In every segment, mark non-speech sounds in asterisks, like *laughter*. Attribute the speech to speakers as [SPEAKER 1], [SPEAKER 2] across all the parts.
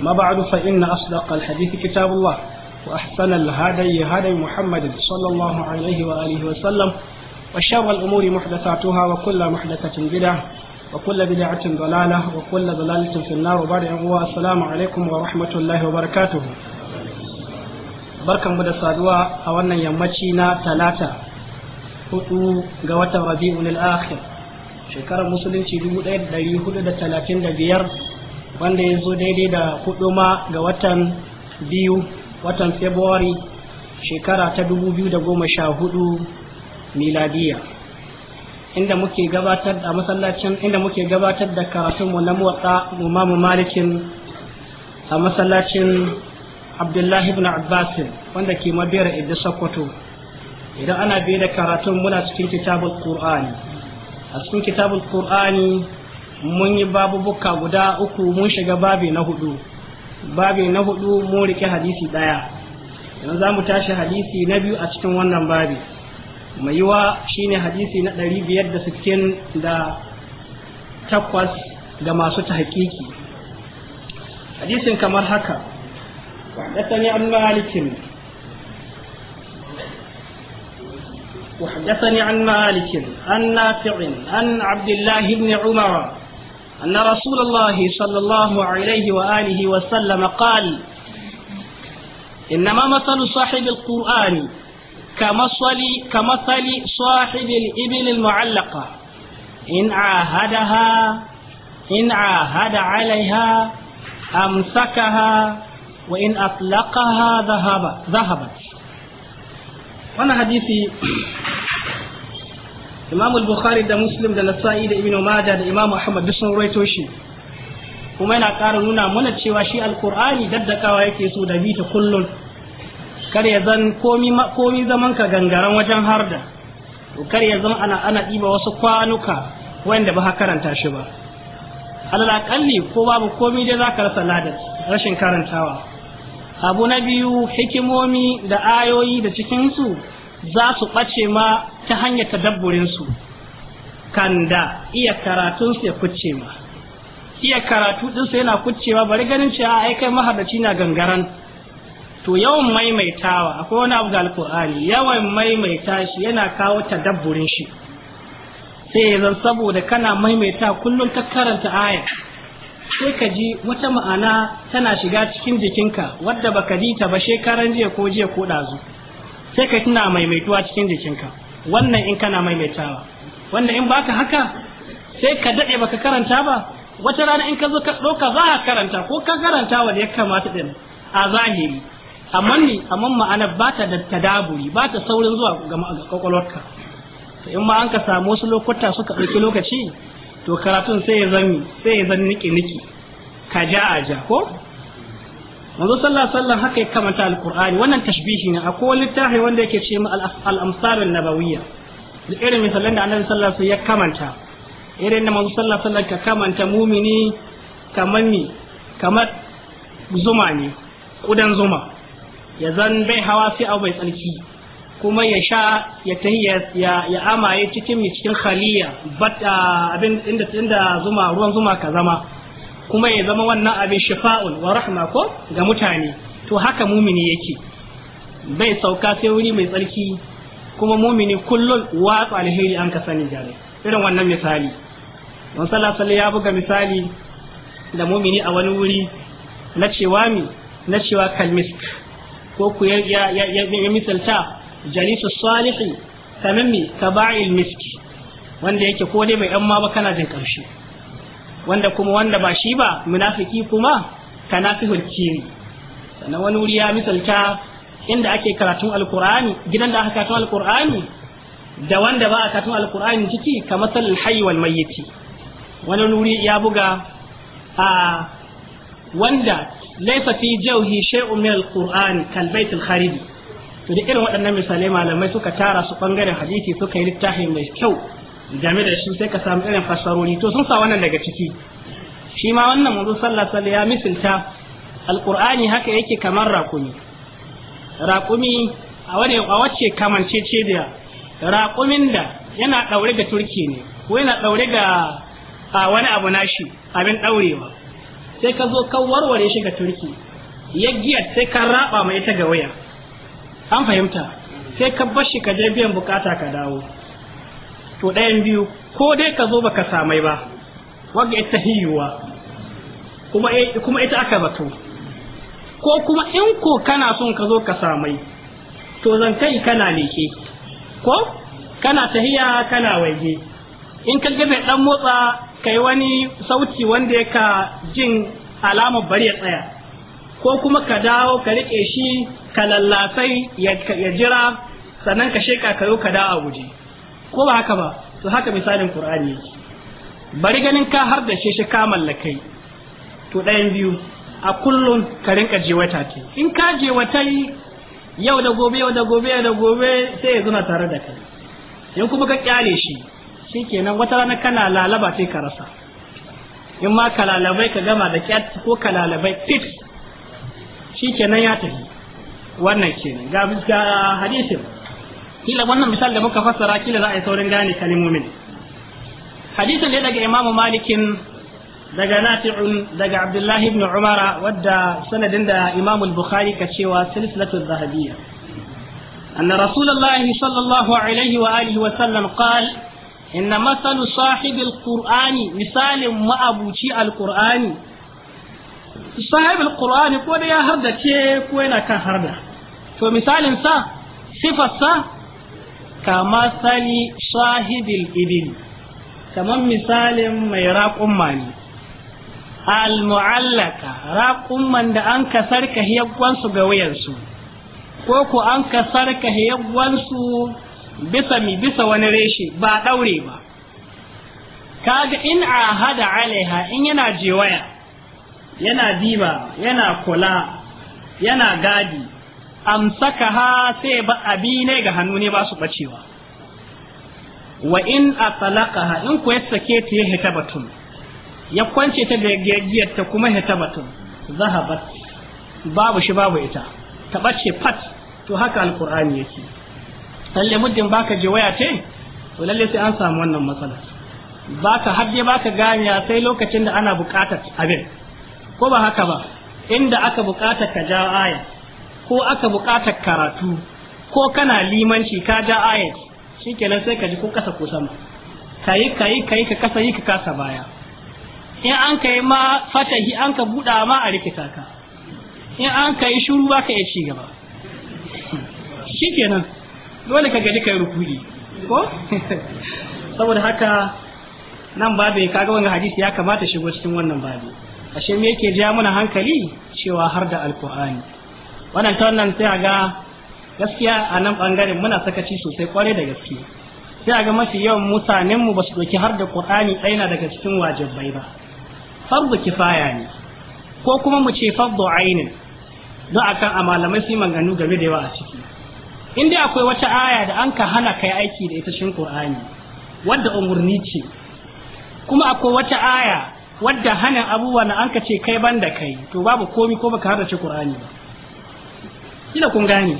[SPEAKER 1] ما بعد فإن أصدق الحديث كتاب الله وأحسن الهدي هدي محمد صلى الله عليه وآله وسلم وشر الأمور محدثاتها وكل محدثة بدعة وكل بدعة ضلالة وكل ضلالة في النار وبعد السلام عليكم ورحمة الله وبركاته barkan mu da saduwa a wannan yammaci na talata hudu ga watan rabi'un al-akhir shekarar musulunci 1435 wanda ya zo daidai da hudu ma ga watan biyu watan february shekara ta 2014 miladiya inda muke gabatar da masallacin inda muke gabatar da karatunmu na motsa imamu malikin a masallacin abdullahi ibn abbas wanda ke mabiyar idda sokoto idan ana biye da karatun muna cikin kitabul qur'ani a cikin kitabul qur'ani mun yi babubuka guda uku mun shiga babi na hudu babi na hudu mun rike hadisi daya yanzu za mu tashi hadisi na biyu a cikin wannan babi mai yiwa shine hadisi na ɗari biyar da sittin da takwas ga masu ta hakiki hadisin kamar haka وحدثني عن an وحدثني عن مالك عن نافع عن عبد الله بن عمر أن رسول الله صلى الله عليه وآله وسلم قال إنما مثل صاحب القرآن كمثل كمثل صاحب الإبل المعلقة إن عاهدها إن عاهد عليها أمسكها وإن أطلقها ذهبت ذهبت وأنا حديثي imam al-bukhari da muslim da nasa'i da ibnu majah da imam ahmad duk sun raito shi kuma yana ƙara nuna mana cewa shi alkur'ani daddakawa yake so da bi ta kullun kar ya zan komi zaman ka gangaren wajen harda kar ya zama ana ana ɗiba wasu kwanuka wanda ba karanta shi ba alalakalli ko babu komi dai zaka rasa ladar rashin karantawa abu na biyu hikimomi da ayoyi da cikinsu za su ɓace ma ta hanyar tadabburinsu kan da iya karatunsu ya kucce ma iya karatu ɗinsu yana kuccewa bari ganin cewa ai kai mahabbaci na gangaran to yawan maimaitawa akwai wani abu da alkur'ani yawan maimaita shi yana kawo tadabburin shi sai zan saboda kana maimaita kullum ta karanta aya sai ka ji wata ma'ana tana shiga cikin jikinka wadda baka ji ta ba shekaran jiya ko jiya ko ɗazu sai ka tuna maimaituwa cikin jikinka wannan in kana maimaitawa wannan in baka haka sai ka dade baka karanta ba wata rana in ka zo ka ɗauka za ka karanta ko ka karanta da ya kamata din a zahiri amma ni amma ma'ana ba ta da tadaburi ba ta saurin zuwa ga kwakwalwarka to in ma an ka samu wasu lokuta suka ɗauki lokaci to karatun sai ya sai ya zan niki niki ka ja a ja ko manzo sallallahu alaihi haka ya kamanta alqur'ani wannan tashbihi ne akwai littafi wanda yake ce ma al-amsal an-nabawiyya irin misalan da annabi sallallahu alaihi ya kamanta irin da manzo sallallahu alaihi wasallam ka kamanta mumini kamar ni kamar zuma ne kudan zuma ya zan bai hawa sai abu bai tsarki kuma ya sha ya tahi ya ya amaye cikin cikin khaliya bat ah, abin inda inda zuma ruwan zuma ka zama kuma ya zama wannan abin shifa'un wa rahma ko ga mutane to haka mumini yake bai sauka sai wuri mai tsarki kuma mumini kullum watsa alheri an ka sani jare irin wannan misali don sallah ya buga misali da mumini a wani wuri na cewa mi na cewa kalmisk ko ku ya misalta jalisu salihi kamar mi kaba'il miski wanda yake ko dai mai yan ma ba kana jin kamshi wanda kuma wanda ba shi ba munafiki kuma kanafihul kiri sannan wani wuri ya misalta inda ake karatun alkur'ani gidan da aka karatun alkur'ani da wanda ba a karatun alkur'ani ciki kamar salil hayy wal mayyiti wani wuri ya buga a wanda laifa fi jawhi shay'un min alqur'ani kal bait al to da irin waɗannan misalai malamai suka tara su bangaren hadisi suka yi littafi mai kyau game da shi sai ka samu irin fasaroli to sun sa wannan daga ciki shi ma wannan manzo sallah, ya misalta Alkur'ani haka yake kamar raƙumi raƙumi a wani a wacce kamancece da raƙumin da yana ɗaure ga turki ne ko yana ɗaure ga a wani abu nashi abin ɗaurewa? sai ka zo ka warware shi ga turki ya giya sai ka raba mai ta ga waya an fahimta sai ka bar shi ka je biyan bukata ka dawo to ɗayan biyu ko dai ka zo ba ka samai ba wanda ita hiyuwa e, kuma ita aka zato ko kuma in ko kana son ka zo ka samai to zan kai kana leke ko kana tahiya kana waje in ka gabe ɗan motsa kai wani sauti wanda yaka jin alamar bari ya tsaya ko kuma ka dawo ka rike shi ka lallasai ya jira sannan ka sheka ka zo ka dawo a guje ko ba haka ba to haka misalin qur'ani yake bari ganin ka har da shi ka mallakai to ɗayan biyu a kullum ka rinka jewata ce in ka jewata yau da gobe yau da gobe yau da gobe sai ya zuna tare da kai in kuma ka kyale shi shikenan wata rana kana lalaba sai ka rasa in ma ka lalabai ka gama da kyat ko ka lalabai fit shikenan ya tafi wannan kenan ga hadisin kila wannan misal da muka fassara kila za a yi saurin gane kalimomin hadisin ne daga imamu malikin daga nafi'un daga abdullahi ibn umara wadda sanadin da imamu bukhari ka cewa silsilatul zahabiyya أن رسول الله صلى الله عليه وآله وسلم قال إن مثل صاحب القرآن مثال ما أبوشي القرآن صاحب القرآن قد يا هردا كي كوينة كهردا فمثال سا صفة kama sali sahibil idin kamar misalin mai raƙun mani al-mu'allaka raƙun da an ka sarka hiyagwansu ga wuyansu, ko ku an ka sarka hiyagwansu bisa mi bisa wani reshe ba ɗaure ba kaga in a hada alaiha in yana jewaya yana diba yana kula yana gadi amsaka ha sai ba abi ne ga hannu ne ba su bacewa wa in ha in ku ya sake ta ya hita batun ya kwance ta da gagiyar ta kuma hita batun zahabat babu shi babu ita ta bace fat to haka alqur'ani yake lalle muddin baka je waya ce to lalle sai an samu wannan matsala baka hadde baka gane sai lokacin da ana bukatar abin ko ba haka ba inda aka bukata ka ja aya ko aka buƙatar karatu ko kana limanci ka ja ayat shikenan sai ka ji ko kasa ko sama kayi kayi kayi ka kasa yi ka kasa baya in an kai ma fatahi an ka buɗa ma a rikita ka in an kai shuru ba ka iya ci gaba *laughs* shikenan dole ka gaji kai rukuri ko *laughs* saboda haka nan babe kaga wannan hadisi ya kamata shigo cikin wannan babe ashe me yake ja mana hankali cewa har da alqur'ani wannan ta wannan sai a ga gaskiya a nan bangaren muna sakaci sosai kwarai da gaske sai a ga mafi yawan mutanen mu ba su doki har da qur'ani ɗaya daga cikin wajibai ba fardu kifaya ne ko kuma mu ce fardu ainin don akan a malamai su manganu game da yawa a ciki in dai akwai wata aya da an ka hana kai aiki da ita cikin qur'ani wadda umurni ce kuma akwai wata aya wadda hana abubuwa na an ka ce kai ban da kai to babu komi ko baka hada ci qur'ani ba kila kun gane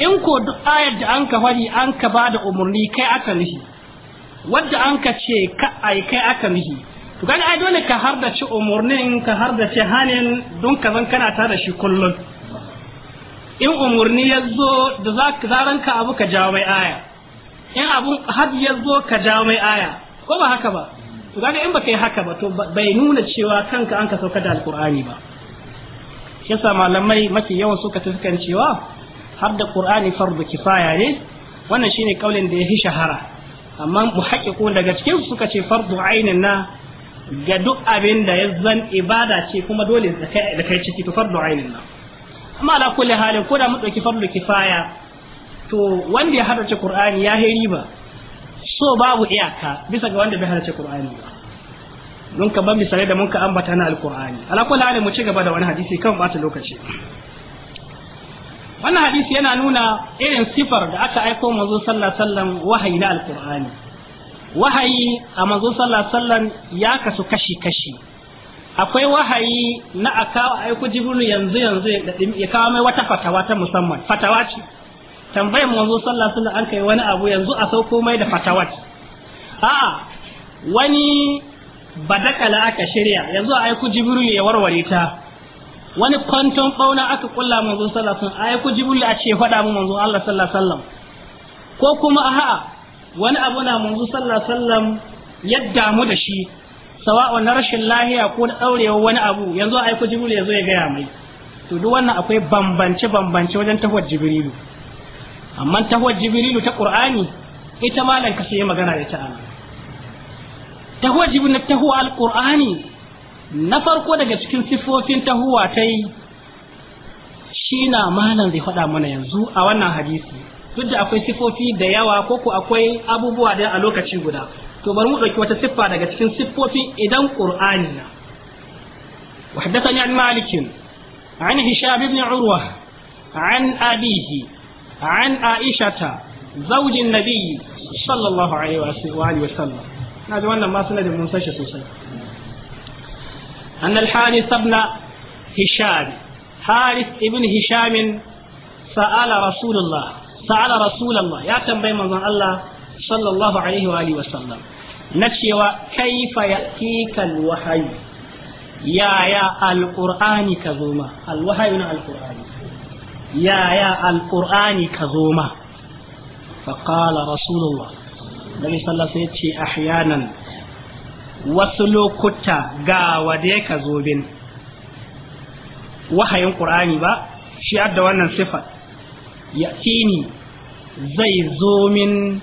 [SPEAKER 1] in ko duk ayar da an ka fari an ka ba da umarni kai aka nihi wadda an ka ce ka ai kai aka nihi to kaga ai dole ka har da ci umarnin ka har da ci hanin don ka zan kana ta da shi kullum in umarni ya zo da za ka zaran ka abu ka jawo mai aya in abu had ya zo ka jawo mai aya ko ba haka ba to kaga in baka yi haka ba to bai nuna cewa kanka an ka sauka da Alƙur'ani ba yasa malamai mafi yawan suka tafi cewa har da qur'ani fardu kifaya ne wannan shine kaulin da ya fi shahara amma muhaqqiqun daga cikin suka ce fardu ainin na ga duk abin da ya zan ibada ce kuma dole da kai ciki to fardu ainin na amma ala kulli halin ko da mu dauki fardu kifaya to wanda ya ce qur'ani ya heri ba so babu iyaka bisa ga wanda bai ce qur'ani ba don ka ban misalai da mun ka ambata na alkur'ani ala kulli hali mu ci gaba da wani hadisi kan bata lokaci wannan hadisi yana nuna irin sifar da aka aiko manzo sallallahu alaihi wasallam wahayi na alkur'ani wahayi a manzo sallallahu alaihi wasallam ya kasu kashi kashi akwai wahayi na a kawo aiku jibrilu yanzu yanzu ya kawo mai wata fatawa ta musamman fatawa ce tambayar manzo sallallahu alaihi wasallam an kai wani abu yanzu a sauko mai da fatawa a'a wani ba dakala aka shirya yanzu a aiku jibril ya warware ta wani kwanton bauna aka kulla manzo sallallahu alaihi wasallam aiku jibril a ce faɗa mu manzo Allah sallallahu alaihi wasallam ko kuma a'a wani abu na manzo sallallahu alaihi wasallam ya damu da shi sawa'u na rashin lahiya ko na daurewa wani abu yanzu aiku jibril ya zo ya gaya mai to duk wannan akwai bambance bambance wajen Tahuwar jibrilu amma Tahuwar jibrilu ta qur'ani ita malan ka sai magana da ta Allah tahuwa jibril na tahuwa al'ƙur'ani na farko daga cikin sifofin tahuwa ta yi shi na malam zai faɗa mana yanzu a wannan hadisi duk da akwai sifofi da yawa ko ko akwai abubuwa da a lokaci guda to bari mu ɗauki wata siffa daga cikin siffofin idan ƙur'ani na وحدثني عن مالك عن هشام بن عروة عن أبيه عن عائشة زوج النبي صلى الله عليه وآله وسلم na ji wannan ma sanadin mun san shi sosai an al-haris ibn hisham haris ibn hisham sa'ala rasulullah sa'ala rasulullah ya tambayi manzon Allah sallallahu alaihi wa alihi wa sallam na cewa kaifa ya'tikal wahyu ya alqur'ani ka zo ma alwahyu na alqur'ani ya alqur'ani ka zo ma فقال رسول الله nabi sallallahu alaihi wasallam ya ce ahyanan wasu lokuta ga wanda yake bin wahayin qur'ani ba shi adda wannan sifa ya tini zai zo min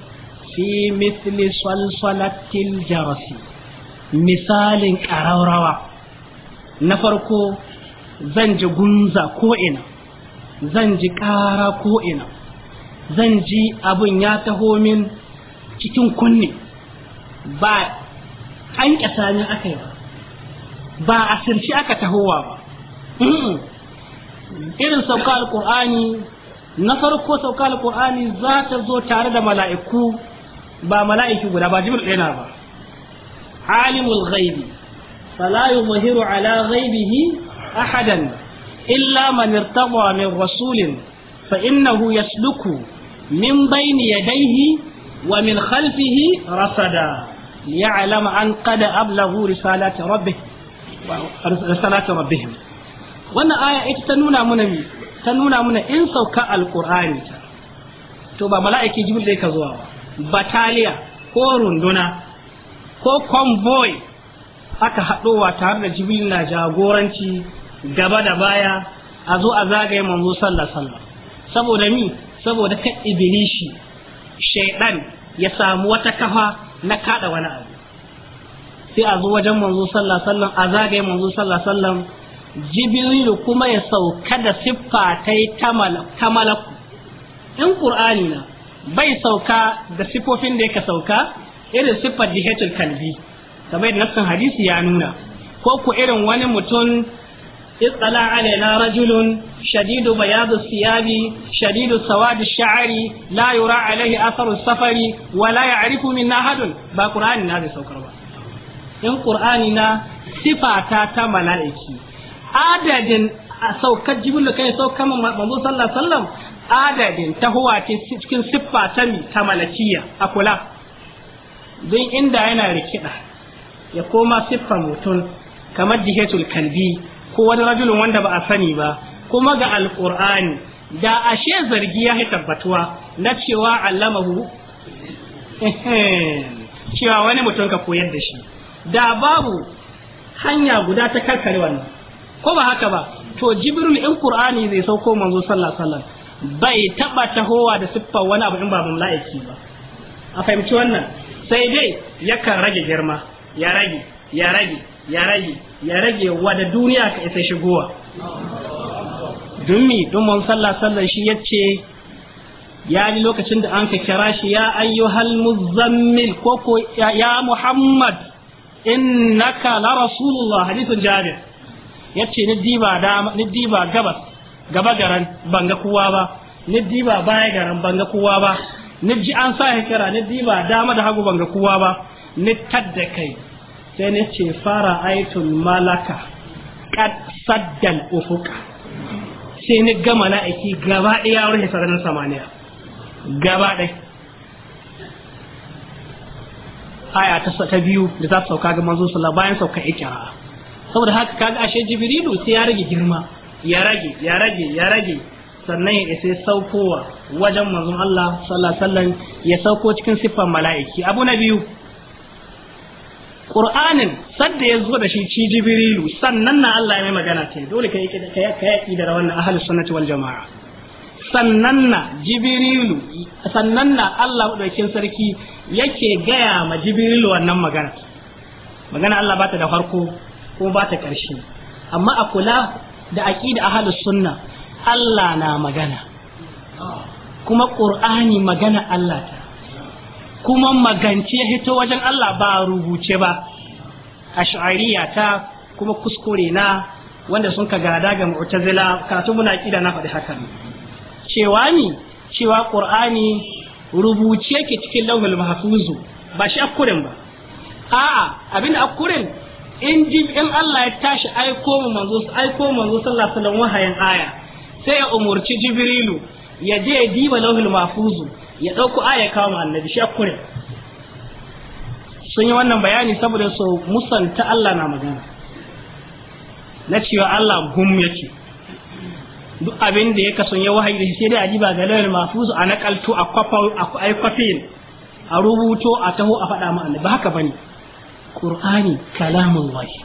[SPEAKER 1] fi mithli salsalatil jarasi misalin ƙararrawa na farko zan ji gunza ko'ina zan ji ƙara ko'ina zan ji abin ya taho min cikin kunne ba an aka yi ba ba a sirci aka tahowa ba irin sauka alƙur'ani na farko sauka alƙur'ani za ta zo tare da mala'iku ba mala'iki guda ba jibril ɗaya ba alimul ghaibi fala yuzhiru ala ghaibihi ahadan illa man irtaba min rasulin fa innahu yasluku min bayni yadayhi wa min khalfihi rasada liya'lama an qad ablahu risalata rabbih risalata rabbihim wannan aya ita ta nuna mana ta nuna mana in sauka alqur'ani ta to ba mala'iki jibril zai ka zuwa ba bataliya ko runduna ko convoy aka haɗowa tare da jibril na jagoranci gaba da baya a zo a zagaye manzo sallah sallah saboda mi saboda kan ibilishi shaidan ya samu wata kafa na kaɗa wani abu sai a zo wajen manzo sallallahu alaihi wasallam a zagaye manzo sallallahu alaihi wasallam jibrilu kuma ya sauka da siffa ta malaku in qur'ani na bai sauka da sifofin da yake sauka irin siffar dihetul kalbi kamar da nassin hadisi ya nuna ko ku irin wani mutum اطلع علينا رجل شديد بياض الثياب شديد سواد الشعر لا يرى عليه اثر السفر ولا يعرف منا احد با zai ba in qur'ani na sifata ta mala'iki adadin saukar jibril kai saukar manzo sallallahu adadin ta ce cikin siffa ta mi ta malakiya a kula don inda yana rikida ya koma siffa mutum kamar jihetul kalbi ko wani rajulun wanda ba a sani ba kuma ga Alƙur'ani, da ashe zargi ya yi tabbatuwa na cewa allamahu *laughs* cewa wani mutum ka koyar da shi da babu hanya guda ta karkare wannan ko ba haka ba to jibril in ƙur'ani zai sauko manzo sallallahu alaihi wasallam bai taba tahowa da siffar wani abu in babu mala'iki ba a fahimci wannan sai dai yakan rage girma ya rage ya rage ya rage ya rage wada duniya ka isa shigowa dummi dumman sallah sallan shi yace ya ni lokacin da an ka kira shi ya ayyuhal muzammil ko ko ya muhammad innaka la rasulullah hadithun jabir yace ni diba da ni diba gabas gaba garan banga kowa ba ni diba baya garan banga kowa ba ni ji an sa kira ni diba dama da hagu banga kowa ba ni tadda kai sai na ce fara aitun malaka kad saddan ufuka sai ni gama na aiki gaba ɗaya wurin sararin samaniya gaba ɗaya aya ta biyu da za ta sauka ga manzo sallah bayan sauka ikira saboda haka kaga ashe jibrilu sai ya rage girma ya rage ya rage ya rage sannan ya isa saukowa wajen manzon Allah sallallahu alaihi wasallam ya sauko cikin siffar mala'iki abu na biyu Qur'anin sadda ya zo da shi ci Jibrilu sannan na Allah ya mai magana ta dole ka yi kayaki da na ahli sunnati wal jamaa sannan na Jibrilu sannan na Allah madaukin sarki yake gaya ma Jibrilu wannan magana magana Allah ba ta da farko ko ba ta ƙarshe amma a kula da aqida ahli sunna Allah na magana kuma Qur'ani magana Allah ta kuma magance ya hito wajen Allah ba rubuce ba ash'ariya ta kuma kuskure na wanda sun ka gada ga mu'tazila karatu muna kida na faɗi hakan cewa ni cewa qur'ani rubuce yake cikin lawhul mahfuzu ba shi akurin ba a'a abin akurin in in Allah ya tashi aiko mu manzo aiko mu manzo sallallahu alaihi wasallam wahayin aya sai ya umurci jibrilu ya je diba lawhul mahfuzu ya ɗauko aya kawo annabi shi akure sun yi wannan bayani saboda su musanta Allah na magana na cewa Allah gum yake duk abin da ya kasan ya wahayi da sai dai a jiba ga lawal mafuz a nakalto a kwafan a kwafin a rubuto a taho a faɗa ma annabi haka bane qur'ani kalamul wahi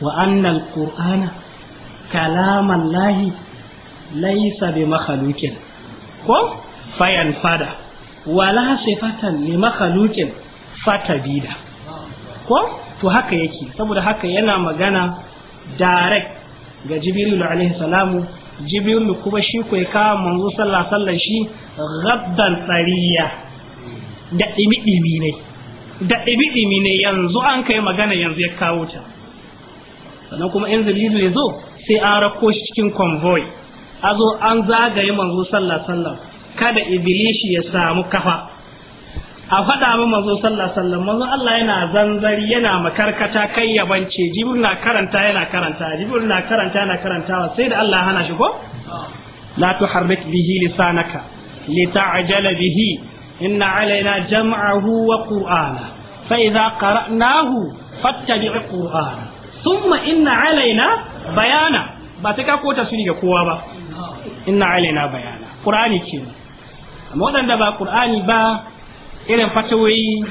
[SPEAKER 1] wa anna al-qur'ana kalamallahi laysa bi makhluqin ko fayan fada wala sifatan li makhluqin fatabida ko to haka yake saboda haka yana magana direct ga jibril alaihi salamu jibril kuma shi ko ya kawo manzo sallah alaihi shi gaddan tsariya da dimi ne da dimi ne yanzu an kai magana yanzu ya kawo ta sannan kuma in jibril ya zo sai an rako shi cikin convoy Azo an zagaye manzo sallah alaihi kada ibilishi ya samu kafa a faɗa ma manzo sallallahu alaihi wasallam manzo Allah yana zanzari yana makarkata kai ya jibril na karanta yana karanta jibril na karanta yana karantawa sai da Allah hana shi ko la tuharrik bihi lisanaka lita'jala bihi inna alaina jam'ahu wa qur'ana fa idza qara'nahu qur'ana thumma inna alaina bayana ba ta ka ko tasiri ga kowa ba inna alaina bayana qur'ani kenan amma waɗanda ba qur'ani ba irin fatawoyi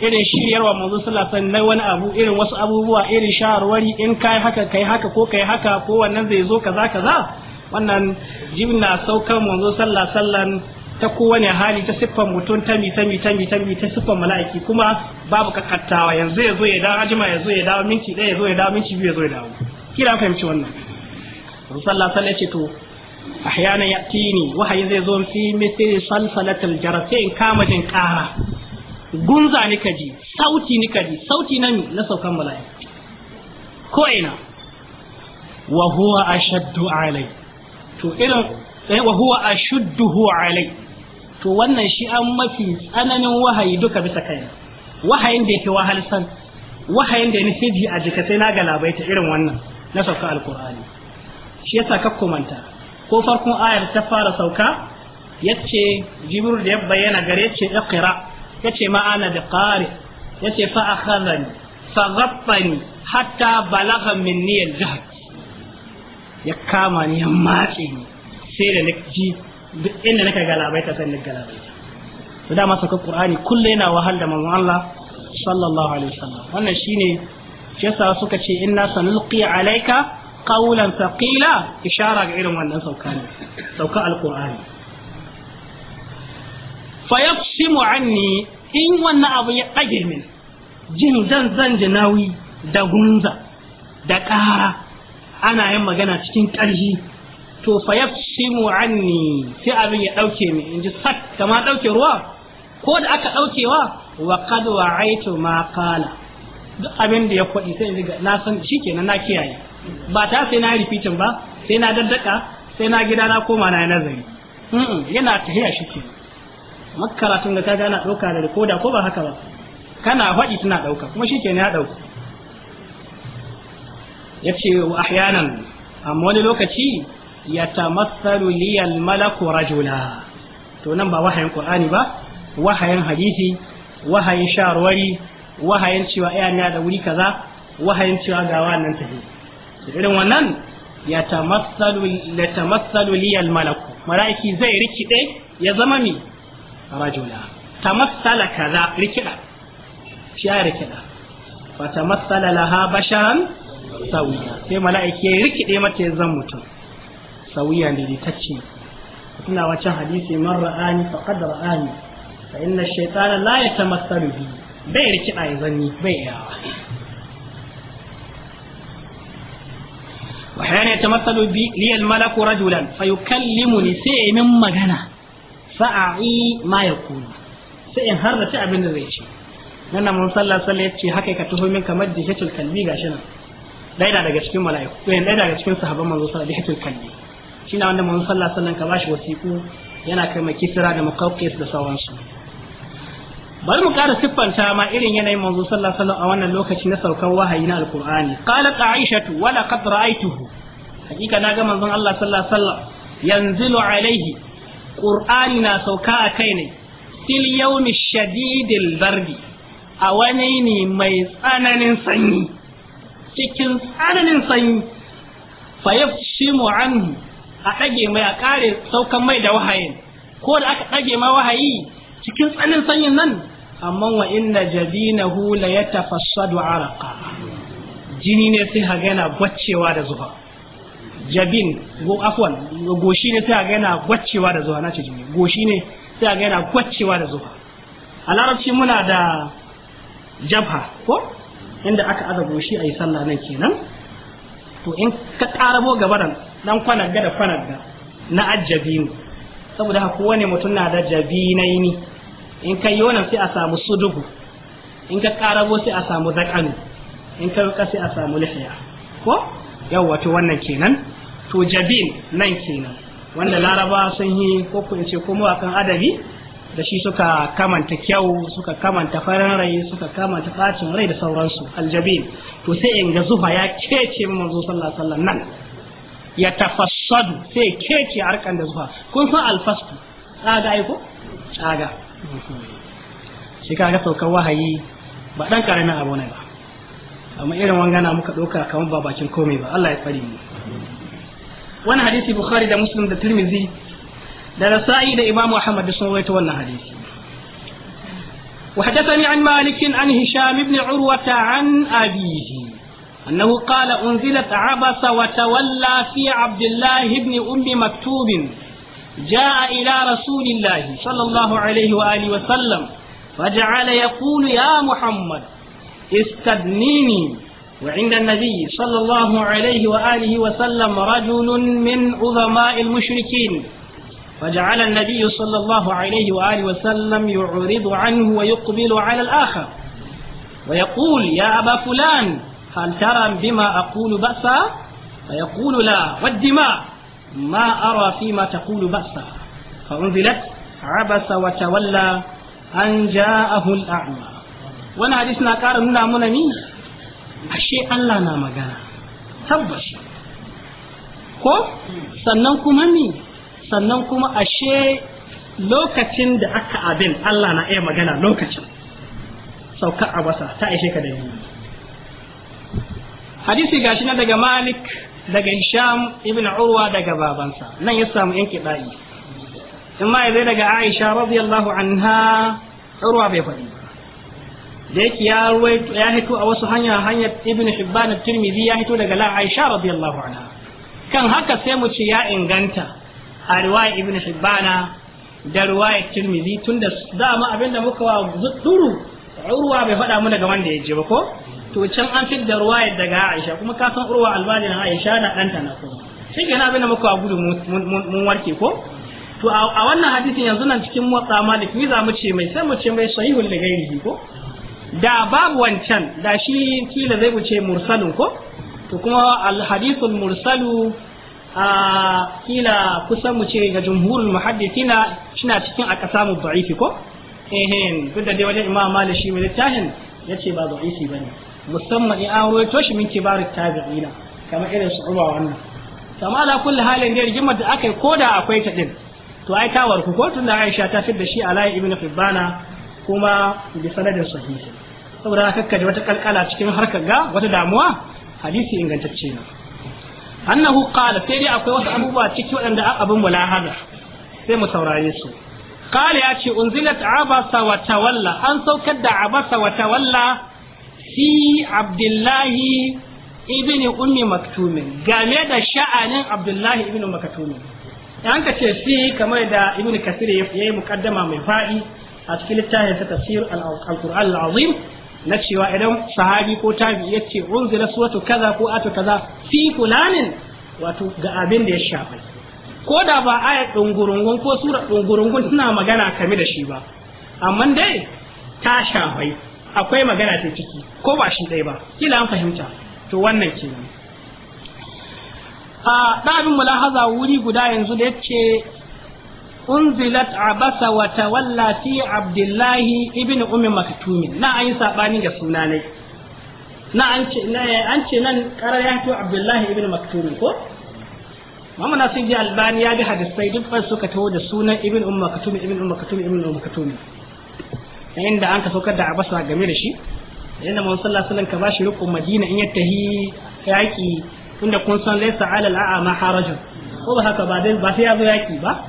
[SPEAKER 1] irin shiryarwa manzo sallallahu alaihi wasallam wani abu irin wasu abubuwa irin shawarwari in kai haka kai haka ko kai haka ko wannan zai zo kaza kaza wannan jibna saukan manzo sallallahu alaihi wasallam ta kowane hali ta siffan mutum ta mi ta mi ta mi ta mi ta siffan mala'iki kuma babu kakkattawa yanzu ya zo ya dawo ajima ya zo ya dawo minti ɗaya ya zo ya dawo minti biyu ya zo ya dawo kira fahimci wannan sallallahu alaihi wasallam ya ce to ahyanan yatini wahayi zai zo fi mithli salsalatil jarad in kama jin kara gunza ni kaji sauti ni kaji sauti na mi na saukan mala'ika ko ina wa huwa ashaddu alai to irin eh, wa huwa ashudduhu alai to wannan shi an mafi tsananin wahayi duka bisa kai wahayin da yake wahal san wahayin da ni fiji a jika sai na galabaita irin wannan na sauka alqur'ani shi yasa ka komanta ko farkon ayar ta fara sauka Ya ce jibril da ya bayyana gare ce iqra yace ma ana da qari yace fa akhadhani fa ghaffani hatta balagha min al-jahd ya kama ni ya matse ni sai da nake duk inda nake galabaita sai nake galabaita to dama saka qur'ani kullu yana wahal da manzon Allah sallallahu alaihi wasallam wannan shine shi yasa suka ce inna sanulqi alayka qawlan thaqila ishara ga irin wannan sauka ne sauka alqur'ani fa yaqsimu anni in wannan abu ya dage min jin zan zan jinawi da gunza da ƙara ana yin magana cikin ƙarfi to fa yaqsimu anni sai abin ya dauke min in ji sak kama dauke ruwa ko da aka daukewa wa qad wa'aitu ma qala duk abin da ya faɗi sai na san shikenan na kiyaye ba ta sai na yi repeating ba sai na daddaka sai na gida na koma na nazari yana tahiya shi ke makaratun da ta gana ɗauka da rikoda ko ba haka ba kana faɗi tana ɗauka kuma shi ke na ɗauka ya ce wa ahyanan amma wani lokaci ya tamassalu liyal malaku rajula to nan ba wahayin ƙur'ani ba wahayin hadisi wahayin sharwari wahayin cewa iyana da wuri kaza wahayin cewa ga wannan tafi irin wannan ya tamassalu liyal malaku mala'iki zai rikide ya zama mi rajula tamassala kaza rikida shi ya rikida fa tamassala laha basharan sawiya sai mala'iki ya rikide mata ya zama mutum sawiya ne da tacce tuna wancan hadisi man ra'ani faqad ra'ani fa inna shaytana la yatamassalu bi bai rikida ya zanni bai yawa وحين يتمثل بي لي الملك رجلا فيكلمني سي من مغنى فأعي ما يقول sai in harrace abin da zai ce nan mun sallah sallah yace haka ka tuho min kamar dihatul kalbi gashi nan daida daga cikin mala'iku eh daida daga cikin sahabban manzo sallallahu alaihi kalbi shine wanda mun sallah sallan ka bashi wasiku yana kai mai kisira da muqawqis da sauransu bari mu ƙara siffanta ma irin yanayin manzo sallallahu alaihi wasallam a wannan lokaci na saukar wahayi na alqur'ani qalat aishatu wa laqad ra'aytuhu hakika na ga manzon Allah sallallahu alaihi wasallam yanzilu alaihi qur'ani na sauka a kai ne fil yawmi shadidil bardi a wani ne mai tsananin sanyi cikin tsananin sanyi fayafshimu anhu a ɗage mai a ƙare saukan mai da wahayin ko da aka ɗage ma wahayi cikin tsanin sanyin nan amma wa inna jabinahu la yatafassadu araqa jini ne sai haga yana gwaccewa da zuwa. jabin go afwan goshi ne sai haga yana gwaccewa da zuba nace jini goshi ne sai haga yana gwaccewa da zuwa. a larabci muna da jabha ko inda aka aza goshi a yi sallah nan kenan to in ka karabo gaba nan dan kwanaga da kwanaga na ajabin saboda haka kowane mutum na da jabinai ne in ka yi wannan sai a samu sudugu in ka karabo sai a samu zakanu in ka ruka sai a samu lihiya ko yawwa to wannan kenan to jabin nan kenan wanda laraba sun yi ko ku ce ko mawakan adabi da shi suka kamanta kyau suka kamanta farin rai suka kamanta bacin rai da sauransu aljabin to sai in ga zufa ya kece mu manzo sallallahu alaihi wasallam nan ya tafassadu sai kece harkan da zufa kun san alfastu tsaga ai ko tsaga shi kaga saukar wahayi ba dan karamin abu ne ba amma irin wangana muka ɗauka kamar ba bakin komai ba Allah ya tsare mu wani hadisi bukhari da muslim da tirmizi da nasa'i da imamu ahmad da sun rawaito wannan hadisi وحدثني عن مالك عن هشام بن عروة عن أبيه أنه قال أنزلت عبس وتولى في عبد الله بن أم مكتوب جاء إلى رسول الله صلى الله عليه وآله وسلم فجعل يقول يا محمد استدنيني وعند النبي صلى الله عليه وآله وسلم رجل من عظماء المشركين فجعل النبي صلى الله عليه وآله وسلم يعرض عنه ويقبل على الآخر ويقول يا أبا فلان هل ترى بما أقول بأسا فيقول لا والدماء ما أرى فيما تقول بأسا فأنزلت عبس وتولى أن جاءه الأعمى وانا حديثنا قال نونا منا مين أشي الله نا مغانا تبش ko sannan kuma ni sannan kuma ashe lokacin da aka abin Allah na iya magana lokacin a wasa, ta ishe ka da yi hadisi gashi na daga malik daga Hisham ibn Urwa daga babansa nan ya samu yanke kida'i in ma zai daga Aisha radiyallahu anha Urwa bai faɗi da yake ya ruwaito ya hito a wasu hanya hanyar Ibn Hibban at-Tirmidhi ya hito daga la Aisha radiyallahu anha kan haka sai mu ce ya inganta a riwaya Ibn Hibban da riwaya Tirmidhi tunda dama abinda muka wa duru Urwa bai faɗa mu daga wanda ya je ba ko to can an fidda ruwaya daga Aisha kuma ka san urwa albani na Aisha na danta na kuma shi kenan abin da muka gudu mun warke ko to a wannan hadisin yanzu nan cikin motsa malik ni za mu ce mai sai mu ce mai sahihul ligairihi ko da babu wancan da shi kila zai wuce mursalun ko to kuma alhadithul mursalu a kila kusan mu ce ga jumhurul muhaddithina shina cikin aka samu da'ifi ko eh duk da dai wajen imam malik shi mai littafin yace ba da'ifi bane musamman in an ruwaito shi min kibarin tabi'ina kamar irin su uba wannan kamar ala kulli halin da rigimar da aka yi ko da akwai ta din to ai ta ku ko tun da Aisha ta da shi Alayi ibn Fibbana kuma bi sanadin sahihi saboda haka kaje wata kalkala cikin harkar ga wata damuwa hadisi ingantacce ne annahu qala sai dai akwai wasu abubuwa ciki waɗanda abin mulahaza sai mu saurare su قال يا أنزلت عبس وتولى أن سوكد عبس وتولى fi abdullahi ibn ummi maktumin game da sha'anin abdullahi ibn maktumin an ka ce fi kamar da ibn kasir ya yi mukaddama mai fa'i a cikin littafin ta tafsir al-qur'an al-azim na cewa idan sahabi ko tabi yace ce unzila suratu kaza ko atu kaza fi fulanin wato ga abin da ya shafa ko da ba ayat dungurungun ko sura dungurungun tana magana kame da shi ba amma dai ta shafai akwai magana ta ciki ko ba shi ɗaya ba kila an fahimta to wannan kenan a ɗabin mulahaza wuri guda yanzu da yace unzilat abasa wa tawalla fi abdullahi ibn ummi maktumin na an yi sabani da sunanai na an ce na an ce nan karar ya to abdullahi ibn maktumin ko na sai Albani ya ga hadisai duk fa suka taho da sunan Ibn ummi Maktum Ibn ummi Maktum Ibn ummi Maktum inda an ka saukar da abasa game da shi inda mun sallallahu alaihi ka bashi rukun madina in ya tahi yaki tunda kun san laysa ala al'a ma harajun ko ba haka ba dai ba sai ya zo yaki ba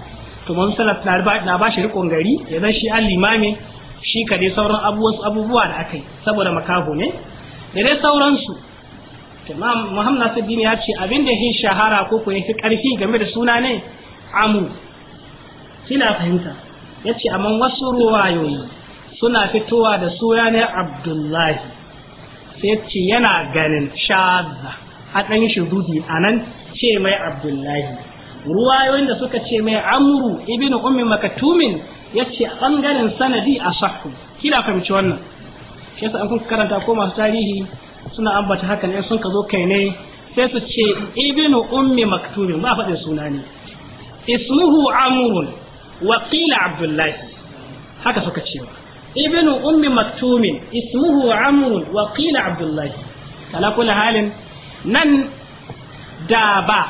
[SPEAKER 1] to mun na ba na bashi rukun gari ya zan shi al limami shi ka dai sauran abubuwa da akai saboda makaho ne da dai sauransu imam muhammad nasiruddin ya ce abin da yake shahara ko ko yake karfi game da suna ne amu kina fahimta yace amma wasu ruwayoyi suna fitowa da suna ne abdullahi sai ce yana ganin shaza. a ɗan shududi a nan ce mai abdullahi ruwayoyin da suka ce mai amru ibn ummi makatumin ya ce ɓangaren sanadi a sahu kila fahimci wannan shi yasa an kun karanta ko masu tarihi suna ambata hakan in sun ka zo kai ne sai su ce ibn ummi maktumin ba faɗin suna ne ismuhu amurun Wakila qila abdullahi haka suka ce ba ابن أم مكتوم اسمه عمرو وقيل عبد الله على كل حال نن دابا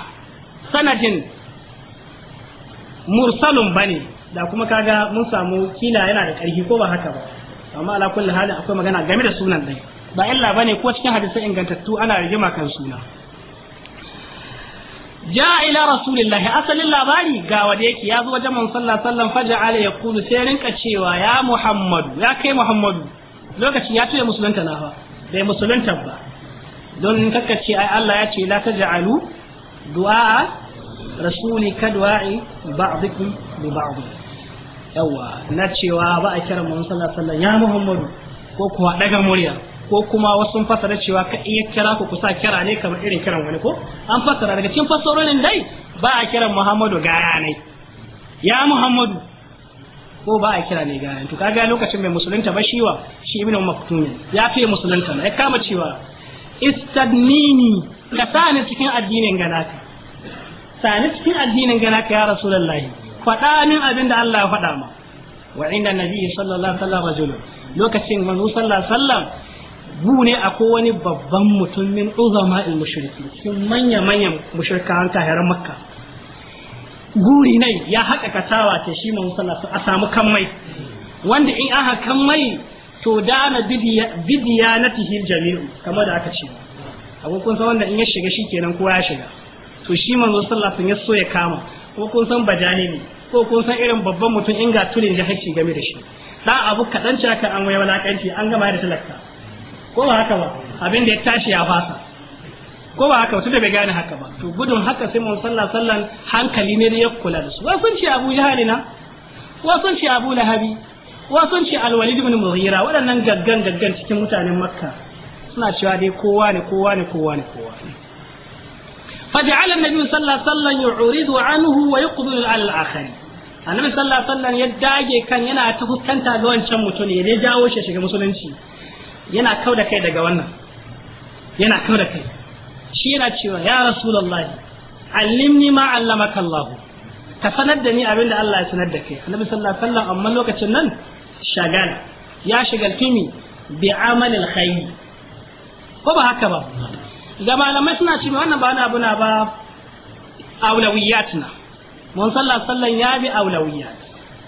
[SPEAKER 1] سند mursalun bane da kuma kaga mun samu kila yana da ƙarfi ko ba haka ba amma ala kulli halin akwai magana game da sunan dai ba illa bane ko cikin hadisi ingantattu ana rigima kan suna ja ila rasulillahi asalin labari ga wanda yake ya zo wajen man faja sallam faja'ala yaqulu sai rinka cewa ya muhammadu ya kai muhammadu lokacin ya tuya musulunta na ba bai musulunta ba don kakka ai Allah ya ce la taj'alu du'a rasuli ka du'a'i ba'dikum bi ba'd yawa na cewa ba a kira man sallallahu sallam ya muhammadu ko kuwa daga murya ko kuma wasu sun fasara cewa ka iya kira ku kusa kira ne kamar irin kiran wani ko an fasara daga cikin fasarorin dai ba a kiran Muhammadu gaya ne ya Muhammadu ko ba a kira ne gaya to kaga lokacin mai musulunta ba shiwa shi ibnu maktum ya fi musulunta ya kama cewa istadnini ka sani cikin addinin ganaka sani cikin addinin ganaka ya rasulullahi faɗa min abin da Allah ya faɗa ma wa inda nabi sallallahu alaihi wasallam lokacin manzo sallallahu alaihi wasallam bu ne akwai wani babban mutum min uzama il mushriki cikin manya manyan mushrikan kafiran makka guri nai ya haka katawa ta shi mun sallah a samu kan mai wanda in aka kan mai to dana bidiya na tihil jami'u kamar da aka ce abu kun san wanda in ya shiga shikenan kowa ya shiga to shi manzo sallallahu ya so ya kama ko kun san bajani ne ko kun san irin babban mutum in ga tulin jihar shi game da shi dan abu kadan ci aka an waya walakanci an gama da talaka ko ba haka ba abin da ya tashi ya fasa ko ba haka ba, tunda bai gane haka ba to gudun haka sai mun sallah sallan hankali ne da ya kula da su wasu ce Abu Jahal na wasu ce Abu Lahabi wasu ce Al-Walid ibn Mughira waɗannan gaggan gaggan cikin mutanen Makka suna cewa dai kowa ne kowa ne kowa ne kowa فجعل النبي صلى الله عليه وسلم يعرض عنه ويقبل على الآخر النبي صلى الله عليه وسلم يدعي كان ينا تفكنتا لوان شمتوني يدعي جاوش يشيك مسلمشي yana kau da kai daga wannan yana kau da kai shi yana cewa ya rasulullahi allimni ma allamaka Allah ka sanar da ni abin da Allah ya sanar da kai annabi sallallahu alaihi wasallam amma lokacin nan shagala ya shagaltu mi bi amalil khayr ko ba haka ba ga malamai suna cewa wannan ba wani abu na ba aulawiyat mun sallallahu alaihi wasallam ya bi aulawiyat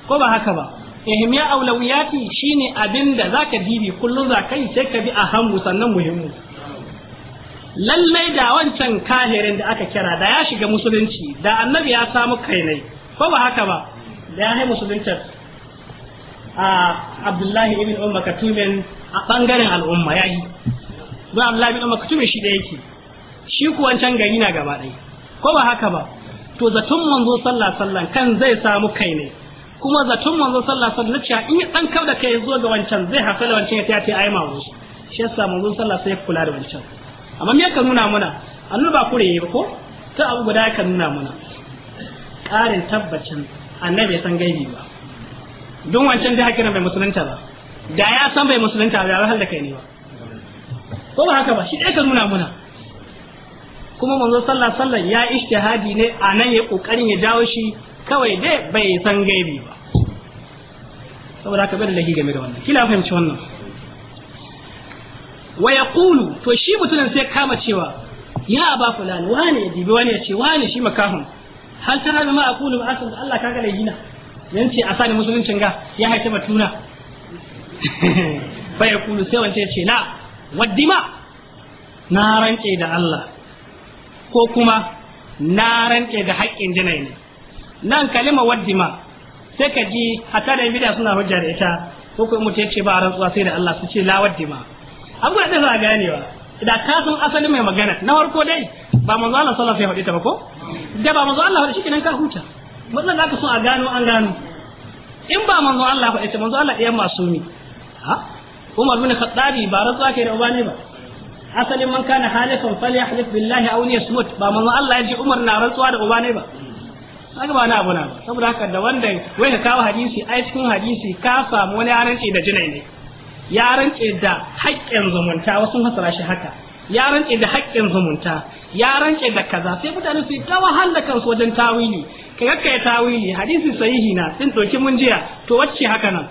[SPEAKER 1] ko ba haka ba ihmiya aulawiyati shine abinda zaka dibi kullun zakai sai ka bi ahammu sannan muhimmu lallai da wancan kahirin da aka kira da ya shiga musulunci da annabi ya samu kainai ko ba haka ba da ya hai musuluntar a abdullahi ibn umar katumin a bangaren al'umma ya yi don abdullahi ibn umar katumin shi da yake shi ku wancan gari na gaba ɗaya ko ba haka ba to zaton manzo sallah sallan kan zai samu kainai kuma zaton manzo sallallahu alaihi wasallam in ya dan kauda kai zuwa ga wancan zai hasala wancan ya tafi ai mawo shi yasa manzo sallallahu alaihi wasallam kula da wancan amma me ka nuna muna annabi ba kure ba ko ta abu guda ka nuna muna karin tabbacin annabi ya san gaibi ba don wancan da hakira bai musulunta ba da ya san bai musulunta ba ya da kai ne ba ko ba haka ba shi dai ka nuna muna kuma manzo sallallahu alaihi wasallam ya ishtihadi ne anan ya kokarin ya dawo shi kawai dai bai san gaibi ba saboda haka bai da lahi game da wannan kila fahimci wannan wa yaqulu to shi mutumin sai kama cewa ya aba fulan wani ya dibi wani ya ce wani shi makahun hal tara ma aqulu ba asan Allah kaga da gina yanci a sani musuluncin ga ya haice batuna *laughs* fa yaqulu sai wance ya ce na waddima na rance da Allah ko kuma na rance da haƙƙin jinai ne nan kalima waddima sai ka ji hatta da bid'a suna hujja da ita ko kuma mutum ce ba rantsuwa sai da Allah su ce la waddima abubuwa da za ganewa da ka san asalin mai magana na farko dai ba manzo Allah sallallahu alaihi wasallam ya faɗi ta ba ko da ba manzo Allah faɗi shikenan ka huta wannan ka so a gano an gano in ba manzo Allah faɗi ta manzo Allah ɗayan masumi ha Umar bin Khattabi ba rantsuwa ke da ubani ba asalin man kana halifan falyahlif billahi aw liyasmut ba manzo Allah ya ce Umar na rantsuwa da ubani ba kaga ba na abu na ba saboda haka da wanda wai ka kawo hadisi ai cikin hadisi ka samu wani yaranci da jinai ne yaranci da haƙƙin zumunta wasu hasara shi haka yaranci da haƙƙin zumunta yaranci da kaza sai mutane su yi ta wahala su wajen tawili kaga kai tawili hadisi sahihi na sun doki mun jiya to wacce haka nan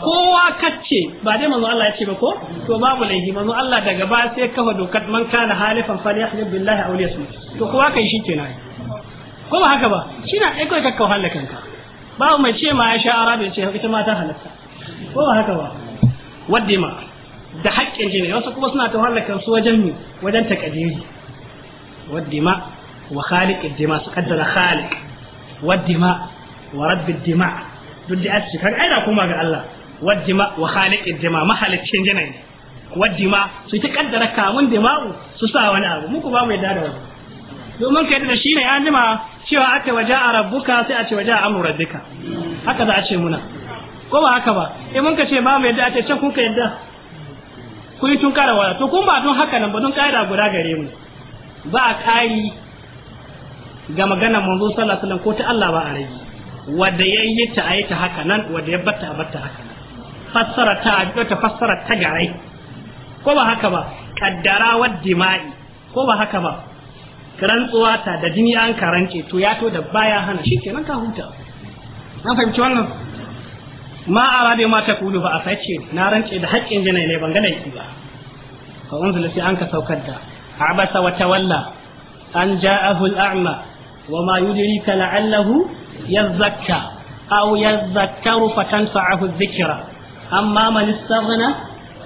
[SPEAKER 1] kowa kacce ba dai manzo Allah ya ce ba ko to babu laifi manzo Allah daga ba sai kafa dokar man kana halifan falyahlim billahi aw liyasmut to kowa kai shi kenan ko ba haka ba shi na ɗaya kawai kakka wahala kanka babu mai ce ma ya sha ara ce ita ma ta halatta ko ba haka ba wadda ma da haƙƙin jini wasu kuma suna ta wahala kansu wajen mi wajen takadiri wadda ma wa khaliq dima su kaddara khaliq wadda ma wa rabbi dima duk da asiri kaga ai da kuma ga Allah wadda ma wa khaliq dima mahalicin jini ne waddima su ta kaddara kamun dima'u su sa wani abu muku ba mu yadda da wani domin kai da shi ne an jima cewa aka waje a rabbuka sai a ce waje a amurar duka haka za a ce muna ko ba haka ba in mun ka ce ba mu yadda a ce can kun ka yadda kun yi tun kara wala to kun ba don haka nan ba don kaida guda gare mu ba a kari ga maganar manzo sallallahu alaihi ko ta Allah ba a rage wanda yi ta a yi ta haka nan wanda ya batta batta haka nan fassara ta addu'a ta fassara ta garai ko ba haka ba kaddara wad dima'i ko ba haka ba rantsuwa ta da jini an karance to ya to da baya hana shi kenan ka huta na fahimci wannan ma arabe ma ta kulu ba a sace na rance da haƙƙin jinai ne ban gane shi ba ka unzila sai an ka saukar da abasa wa tawalla an ja'ahu al-a'ma wa ma yudrika la'allahu yazakka aw yazakkaru fatanfa'ahu adh-dhikra amma man istaghna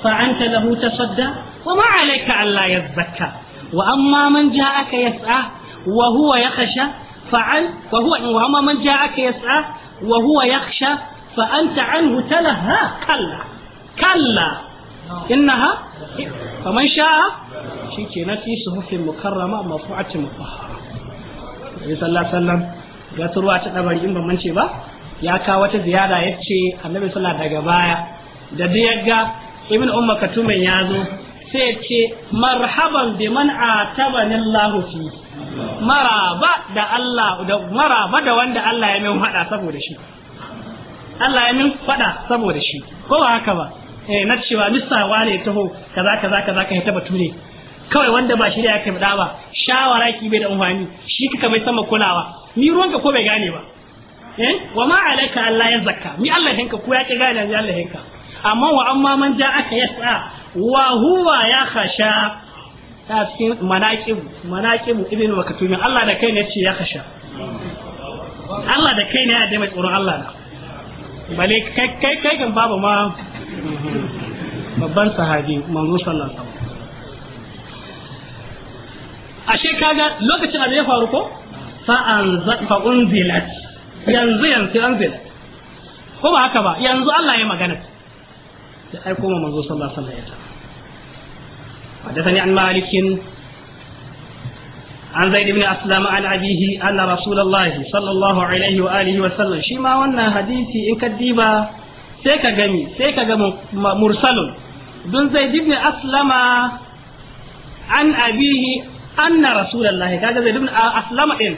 [SPEAKER 1] fa anta lahu tasadda wa ma 'alayka alla yazakka وأما من جاءك يسعى وهو يخشى فعل وهو وأما من جاءك يسعى وهو يخشى فأنت عنه تلهى كلا كلا إنها فمن شاء شيء نتي صحف مكرمة مرفوعة مطهرة النبي صلى الله عليه وسلم ya turo a cikin bari in ban mance ba ya kawo wata ziyara ya ce annabi sallallahu daga baya da dai ya ga ibn umma katumin ya zo sai ce marhaban bi man ataba Allah fi maraba da Allah da maraba da wanda Allah ya min fada saboda shi Allah ya min fada saboda shi ko ba haka ba eh na cewa lissawa ne taho kaza kaza kaza ka hita bature kawai wanda ba shi da yake fada ba shawara ki bai da umfani shi kika mai sama kulawa ni ruwan ka ko bai gane ba eh wa ma alaka Allah ya zakka ni Allah hinka ko ya ki gane ni Allah hinka amma wa amma man ja aka yasa wa huwa ya khasha ta cikin manaqib manaqib ibn maktum Allah da kai ne ce ya khasha Allah da kai ne ya dama tsoron Allah na bale kai kai kai kan babu ma babban sahabi manzo sallallahu alaihi wasallam ashe kaga lokacin da ya faru ko fa anza fa unzilat yanzu yanzu anzilat ko ba haka ba yanzu Allah ya magana da aiko ma manzo sallallahu alaihi wasallam hadathani an malik an zaid ibn aslam an abihi anna rasulullahi sallallahu alaihi wa shi ma wannan hadisi in ka diba sai ka gani sai ka ga mursalun dun zaid ibn aslam an abihi anna rasulullahi kaga zaid ibn aslam din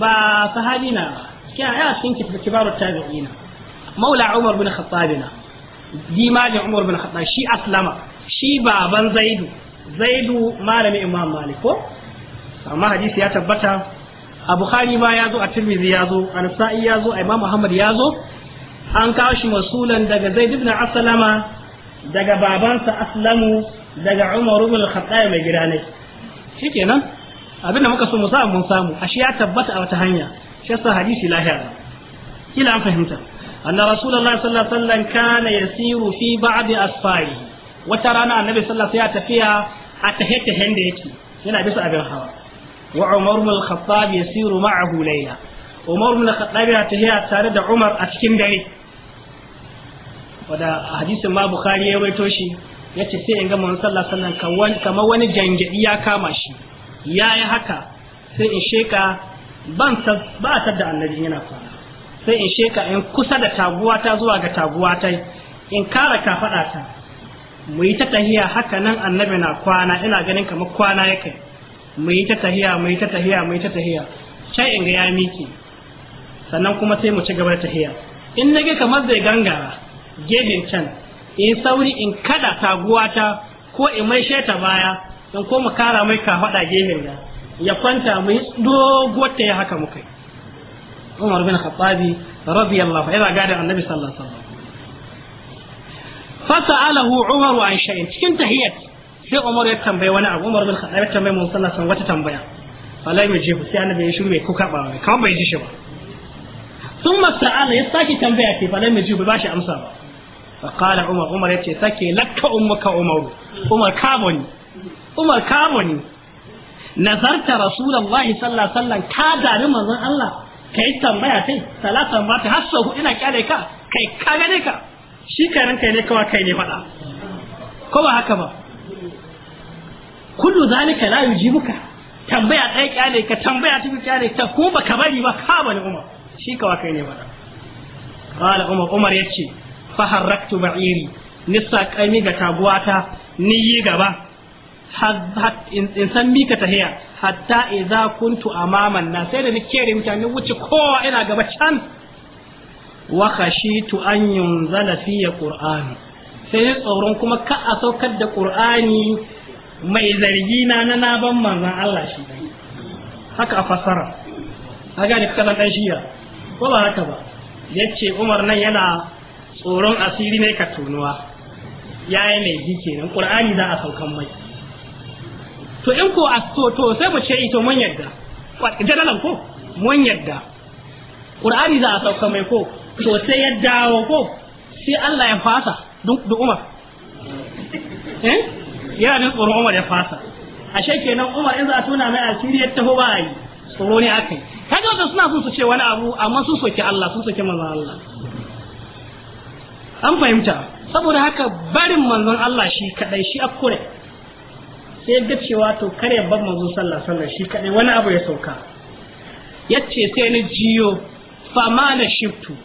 [SPEAKER 1] ba sahabina ba kiyaya sun kibaru tabi'ina umar عمر بن الخطاب dimalin umar bin khattab shi aslama shi baban zaidu zaidu malamin imam malik ko amma hadisi ya tabbata a bukhari ma ya zo a tirmidhi ya zo a nasa'i ya zo a imam muhammad ya zo an kawo shi masulan daga zaid ibn aslama daga babansa aslamu daga umar bin khattab mai gida ne shikenan abin abinda muka so mu samu mun samu ashe ya tabbata a wata hanya shi yasa hadisi lahiya kila an fahimta أن رسول الله صلى الله عليه وسلم كان يسير في بعض أصفاره وترانا النبي صلى الله عليه وسلم فيها أتهت هنديك هنا بس أبي الخوار وعمر بن الخطاب يسير معه ليلا عمر بن الخطاب يتهيأ تارد عمر أتكم دليل wada a hadisin ma bukhari ya waito shi ya ce sai in ga manzon sallallahu alaihi wasallam kamar wani jangadi ya kama shi ya yi haka sai in sheka ban ba a tadda annabi yana fara sai in sheka in kusa da taguwata zuwa ga taguwata in kara faɗa ta mu yi ta tahiya haka nan annabi na kwana ina ganin kamar kwana ya kai mu yi ta tahiya mu yi ta tahiya mu yi ta tahiya can in ga ya miki sannan kuma sai mu ci gaba da tahiya in na ga kamar zai gangara gefen can in sauri in kada taguwata ko in mai sheta baya in ko mu kara mai kafaɗa gefen ga ya kwanta mu yi doguwar ta haka mu kai. umar bin khattabi radiyallahu yana gadin annabi sallallahu alaihi wasallam fasa'alahu umar an shay'in cikin tahiyyat sai umar ya tambaye wani abu umar bin khattab ya tambaye mun sallallahu alaihi wata tambaya falai mai jefu sai annabi ya shiru mai kuka ba mai kamar bai ji shi ba sun masa'ala ya sake tambaya ce falai mai jefu ba shi amsa ba فقال عمر عمر يتي سكي لك أمك عمر عمر كاموني عمر كاموني نظرت رسول الله صلى الله عليه وسلم كاد من الله kai tambaya kai salatan ba ta hasso ina kyale ka kai ka gane ka shi kenan kai ne kawai kai ne faɗa ko ba haka ba kudu zalika la yujibuka tambaya ɗaya kyale ka tambaya ta kyale ta ko baka bari ba ka bani umar shi kawa kai ne faɗa qala umar umar yace fa harraktu ba'iri nissa kaimi ga taguwata ni yi gaba in san mika tahiya hatta idza kuntu amaman na sai da ni kere mutane wuce kowa ina gaba can wa khashitu an yunzala fi qur'an sai ni tsoron kuma ka a saukar da qur'ani mai zargi na na naban manzon Allah shi haka a fasara haka ne kasan dan shiya ko ba haka ba yace Umar nan yana tsoron asiri ne ka tunuwa yayi mai kenan qur'ani za a saukan mai to in ko a so to sai mu ce ito mun yadda jadalan ko mun yadda qur'ani za a sauka mai ko to sai ya dawo ko sai Allah ya fasa duk da Umar
[SPEAKER 2] *laughs*
[SPEAKER 1] eh yana ne tsoron Umar ya fasa ashe kenan Umar in za a tona mai asiri ya taho ba yi tsoro ne akai kaga da suna so su ce wani abu amma sun soki Allah sun soki manzon Allah an fahimta saboda haka barin manzon Allah shi kadai shi akure sai ga cewa to kare ban manzo sallah sallah shi kadai wani abu ya sauka yace sai ni jiyo fama na shiftu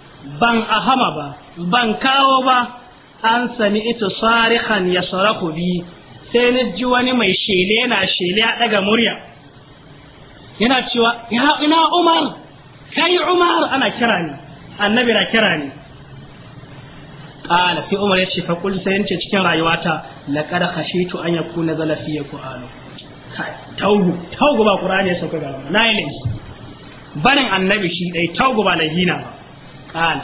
[SPEAKER 1] ban ahama ba ban kawo ba an sani ita sarihan ya saraku bi sai ni ji wani mai shele na shele a daga murya yana cewa ya ina umar kai umar ana kira ni annabi na kira ni qala sai umar yace fa qul sai yace cikin rayuwata laqad khashitu an yakuna zala fi qur'anu taugu taugu ba qur'ani ya sauka ga na yi laifi barin annabi shi dai taugu ba lahina ba qala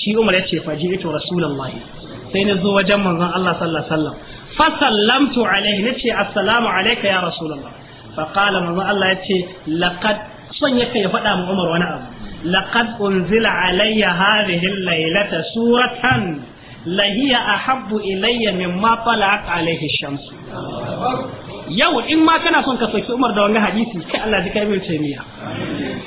[SPEAKER 1] shi umar yace fa ji'tu rasulullahi sai na zo wajen manzon Allah sallallahu alaihi wasallam fa sallamtu alaihi nace assalamu alayka ya rasulullah fa qala manzon Allah yace laqad son yake ya faɗa mu umar wani abu لقد أنزل علي هذه الليلة سورة لهي أحب إلي مما طلعت عليه الشمس yau in ma kana son ka soki Umar da wani hadisi kai Allah ji kai min tamiya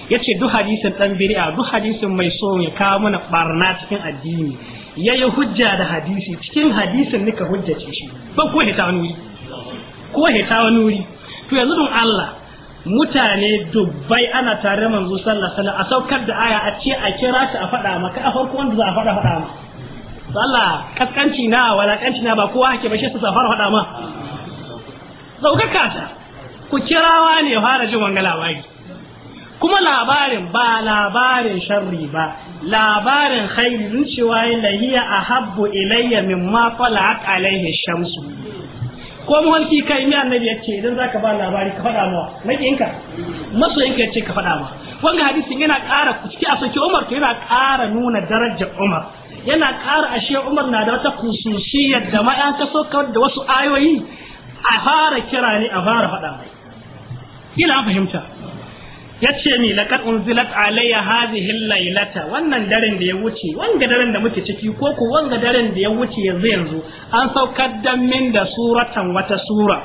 [SPEAKER 1] yace duk hadisin dan bid'a duk hadisin mai so ya kawo mana barna cikin addini yayi hujja da hadisi cikin hadisin ka hujjace shi ba ko hita wani
[SPEAKER 2] wuri
[SPEAKER 1] ko hita wani wuri to yanzu don Allah mutane dubbai ana tare manzo sallallahu alaihi a saukar da aya a ce a kira shi a faɗa maka a farko wanda za a faɗa faɗa ma Sallah kaskanci na walakanci na ba kowa hake ba shi su safar faɗa ma zaukaka ta ku kirawa ne fara jin wanga labari kuma labarin ba labarin sharri ba labarin khairi cewa lahiya ahabbu ilayya mimma tala'at alaihi shamsu ko mawarki kai mi annabi ya ce idan zaka ba labari ka faɗa mawa maƙinka masoyinka ya ce ka fada ma wanga hadisin yana ƙara ciki a soki Umar to yana ƙara nuna darajar Umar yana ƙara ashe Umar na da wata kususiyar da ma an kaso da wasu ayoyi a fara kira ne a fara faɗa mai ila fahimta Ya ce ni laqad unzilat alayya hadhihi Lailata, wannan daren da ya wuce wanga daren da muke ciki ko ku wanga daren da ya wuce yanzu yanzu an saukar da min da suratan wata sura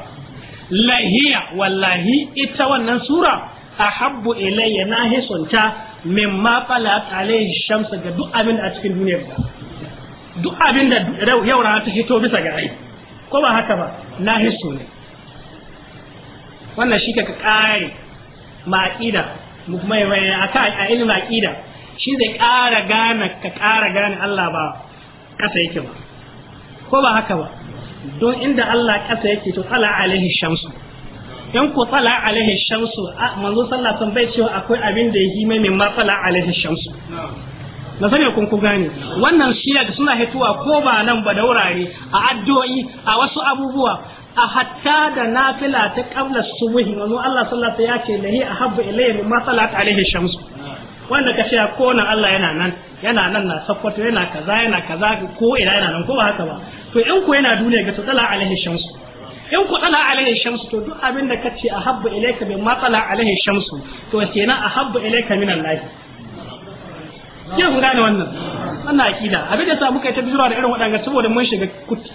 [SPEAKER 1] lahiya wallahi ita wannan sura ahabbu ilayya na hisunta mimma falat alayhi shamsa ga duk abin a cikin duniyar duk abin da yau rana ta hito bisa ga rai ko ba haka ba na hisu ne wannan shi ka kare ma aqida kuma akan a ilimin aqida shi zai ƙara gane ka ƙara gane Allah ba ƙasa yake ba ko ba haka ba don inda Allah ƙasa yake to tsala alaihi shamsu in ko tsala alaihi shamsu manzo sallah sun bai cewa akwai abin da yi mai mimma tsala alaihi shamsu na sani kun ku gane wannan shi da suna hituwa ko ba nan ba da wurare a addu'o'i a wasu abubuwa a hatta da nafila ta su subuhi manzo Allah sallallahu alaihi wasallam ya ce lahi ahabbu ilayya mimma salat alaihi shamsu wanda ka ce ko nan Allah yana nan yana nan na sakkwato yana kaza yana kaza ko ina yana nan ko ba haka ba to in ku yana duniya ga tsala alaihi shamsu in ku tsala alaihi shamsu to duk abin da kace ahabbu ilayka bi ma tsala alaihi shamsu to kenan ahabbu ilayka min Allah
[SPEAKER 2] ke mun gane wannan
[SPEAKER 1] wannan akida abin da sa muka yi ta bijira da irin waɗannan, saboda mun shiga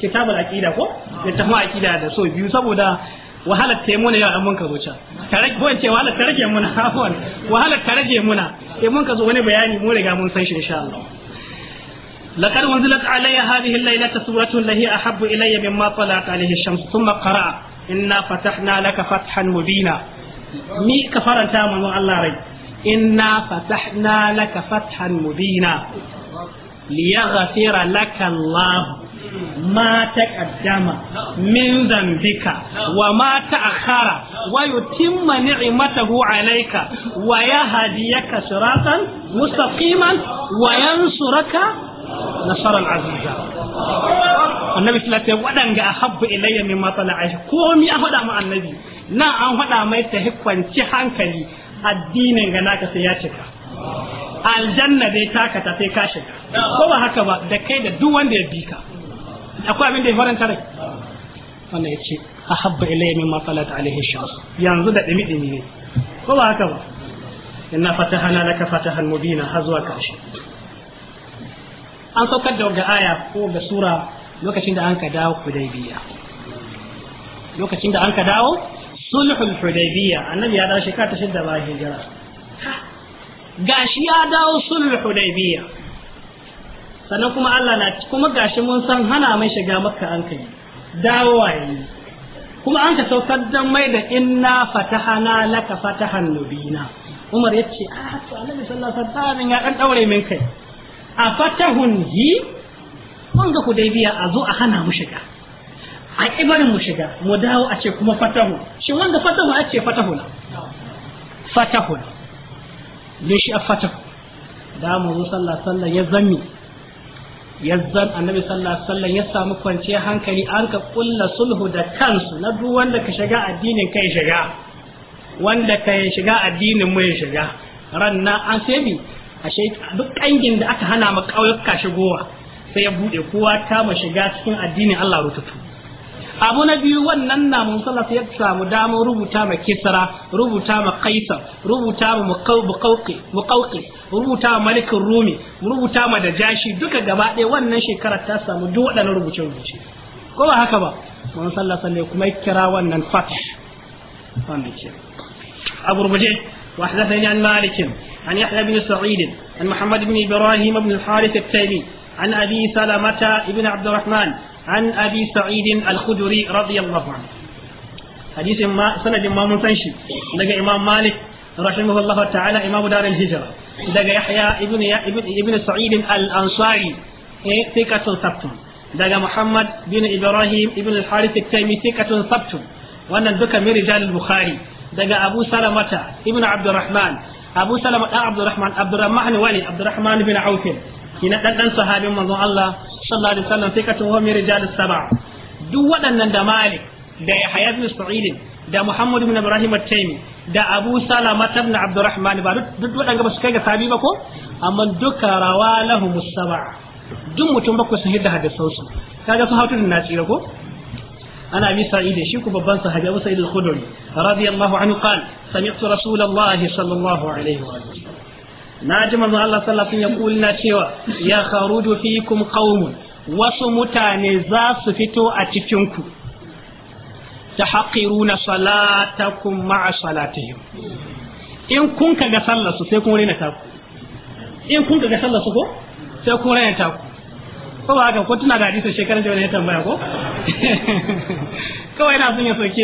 [SPEAKER 1] kitabul akida ko da tafi akida da so biyu saboda wahalar ta muna an mun ka can tare ko in ce wahala ta rage muna *laughs* afwan Wahala ta rage muna eh, mun ka zo wani bayani mun riga mun san shi insha Allah لقد أنزلت علي هذه الليلة سورة هي أحب إلي مما طلعت عليه الشمس ثم قرأ إنا فتحنا لك فتحا مبينا مي كفرت من الله rai. inna fatahna laka fathan mubina liyaghfir laka Allah ma taqaddama min dhanbika wa ma ta'akhkhara wa yutimma ni'matahu 'alayka wa yahdiyaka siratan mustaqiman wa yansuraka
[SPEAKER 2] nasaran aziza
[SPEAKER 1] annabi sallallahu alaihi waɗanga ahabbu ilayya mimma tala'a komi a faɗa ma annabi na an faɗa mai ta hikwanci hankali addinin ga naka sai ya cika aljanna dai taka ta sai ka shiga ko ba haka ba da kai da duk wanda ya bika? akwai abin da ya faranta rai wanda ya ce ahabba ilayya mimma salat alaihi shams yanzu da dimi dimi ne ko ba haka ba inna fatahana laka fatahan mubina har zuwa kashi. an saukar da ga aya ko ga sura lokacin da an ka dawo biya. lokacin da an ka dawo sulhul hudaybiya annabi ya dawo shekara ta shidda ba hijira gashi ya dawo sulhul hudaybiya sannan kuma Allah na kuma gashi mun san hana mai shiga makka an kai dawowa yayi kuma an ka saukar dan mai da inna fatahana laka fatahan nubina Umar ya ce a ah, to annabi sallallahu alaihi wasallam ya dan daure min kai a fatahun hi mun ga hudaybiya a zo a hana mu shiga a ibarin mu shiga mu dawo a ce kuma fatahu shin wanda fatahu a ce fatahu na fatahu na don shi a fatahu da mu zo sallah sallah ya zami ya zan annabi sallah sallah ya samu kwanciyar hankali an ka kulla sulhu da kansu na duk wanda ka shiga addinin kai shiga wanda ka shiga addinin mu ya shiga ran na an sai ashe duk kangin da aka hana ma kauyuka shigowa sai ya bude kowa ta ma shiga cikin addinin Allah rututu abu na biyu wannan na musalla sai ya samu damar rubuta ma kisra rubuta ma kaisar rubuta ma muqawqi rubuta ma malikin rumi rubuta ma da jashi duka gaba ɗaya wannan shekarar ta samu duk waɗannan rubuce rubuce ko ba haka ba mun sallah sallai kuma kira wannan fath wannan ce a gurguje وحدثني عن مالك عن يحيى بن سعيد عن محمد بن ابراهيم بن الحارث التيمي عن ابي سلمه بن عبد الرحمن an abi sa'idin al-khudri radiyallahu anhu sanadin ma shi daga imam malik ta'ala imam dar al-hijra daga yahya ibnu wannan duka min rijal al-bukhari daga bin auf kina dan dan sahabin manzon allah sallallahu alaihi wasallam sai ka tuho mai rijal saba duk waɗannan da Malik da Yahya bin Sa'id da Muhammad ibn Ibrahim at-Taymi da Abu Salama ibn Abdurrahman ba duk ba su kai ga sabi ba ko amma duka rawa lahum saba duk mutum bakwai su kaga su na tsira ko أنا أبي سعيد شيك ببان صحابي أبو سعيد الخدري رضي na ji manzo Allah sallallahu alaihi wasallam ya cewa ya kharuju fikum qaumun wasu mutane za su fito a cikin ku tahqiruna salatakum ma'a salatihim in kun kaga sallar su sai kun raina ta ku in kun kaga sallar su ko sai kun raina ta ku ko ba haka ko tuna da hadisin shekaran da ya tambaya ko *laughs* kawai ina son ya soke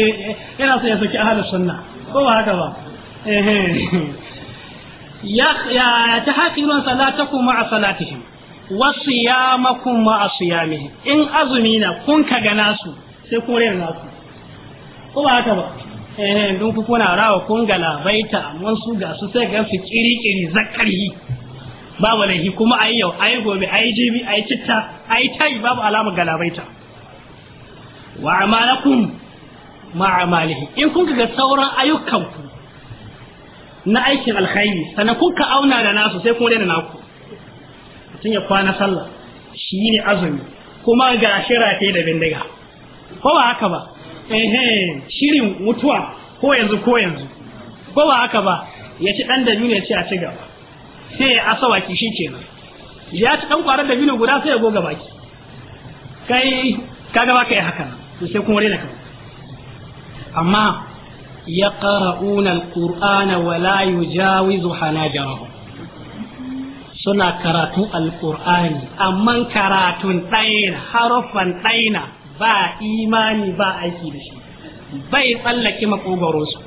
[SPEAKER 1] ina son ya soke ahlus sunna ko ba haka ba ya tahaqirun salatakum ma'a salatihim wa siyamakum ma'a siyamihim in azumi na kun ka gana su sai kun rena nasu ko ba haka ba eh don ku kuna rawa kun ga labaita mun su ga su sai ga su kirikiri zakari babu laifi kuma ai yau ai gobe ai jibi ai citta ai tai babu alamar galabaita wa amalakum ma amalihi in kun ga sauran ayyukanku na aikin alkhairi sannan kun ka auna da nasu sai kuma daina naku mutum ya kwana sallah shi ne azumi kuma ga shira ke da bindiga ko ba haka ba ehe shirin mutuwa ko yanzu ko yanzu ko ba haka ba ya ci dan dabino ya ce a ci gaba sai ya asawa ki shi kenan ya ci dan kwarar dabino guda sai ya goga baki kai kaga ba kai haka sai kuma rena ka amma yaqra'una alqur'ana wa la yujawizu suna karatun alqur'ani amma karatun ɗayan harafan ɗaina ba imani ba aiki da shi bai tsallake makogaronsu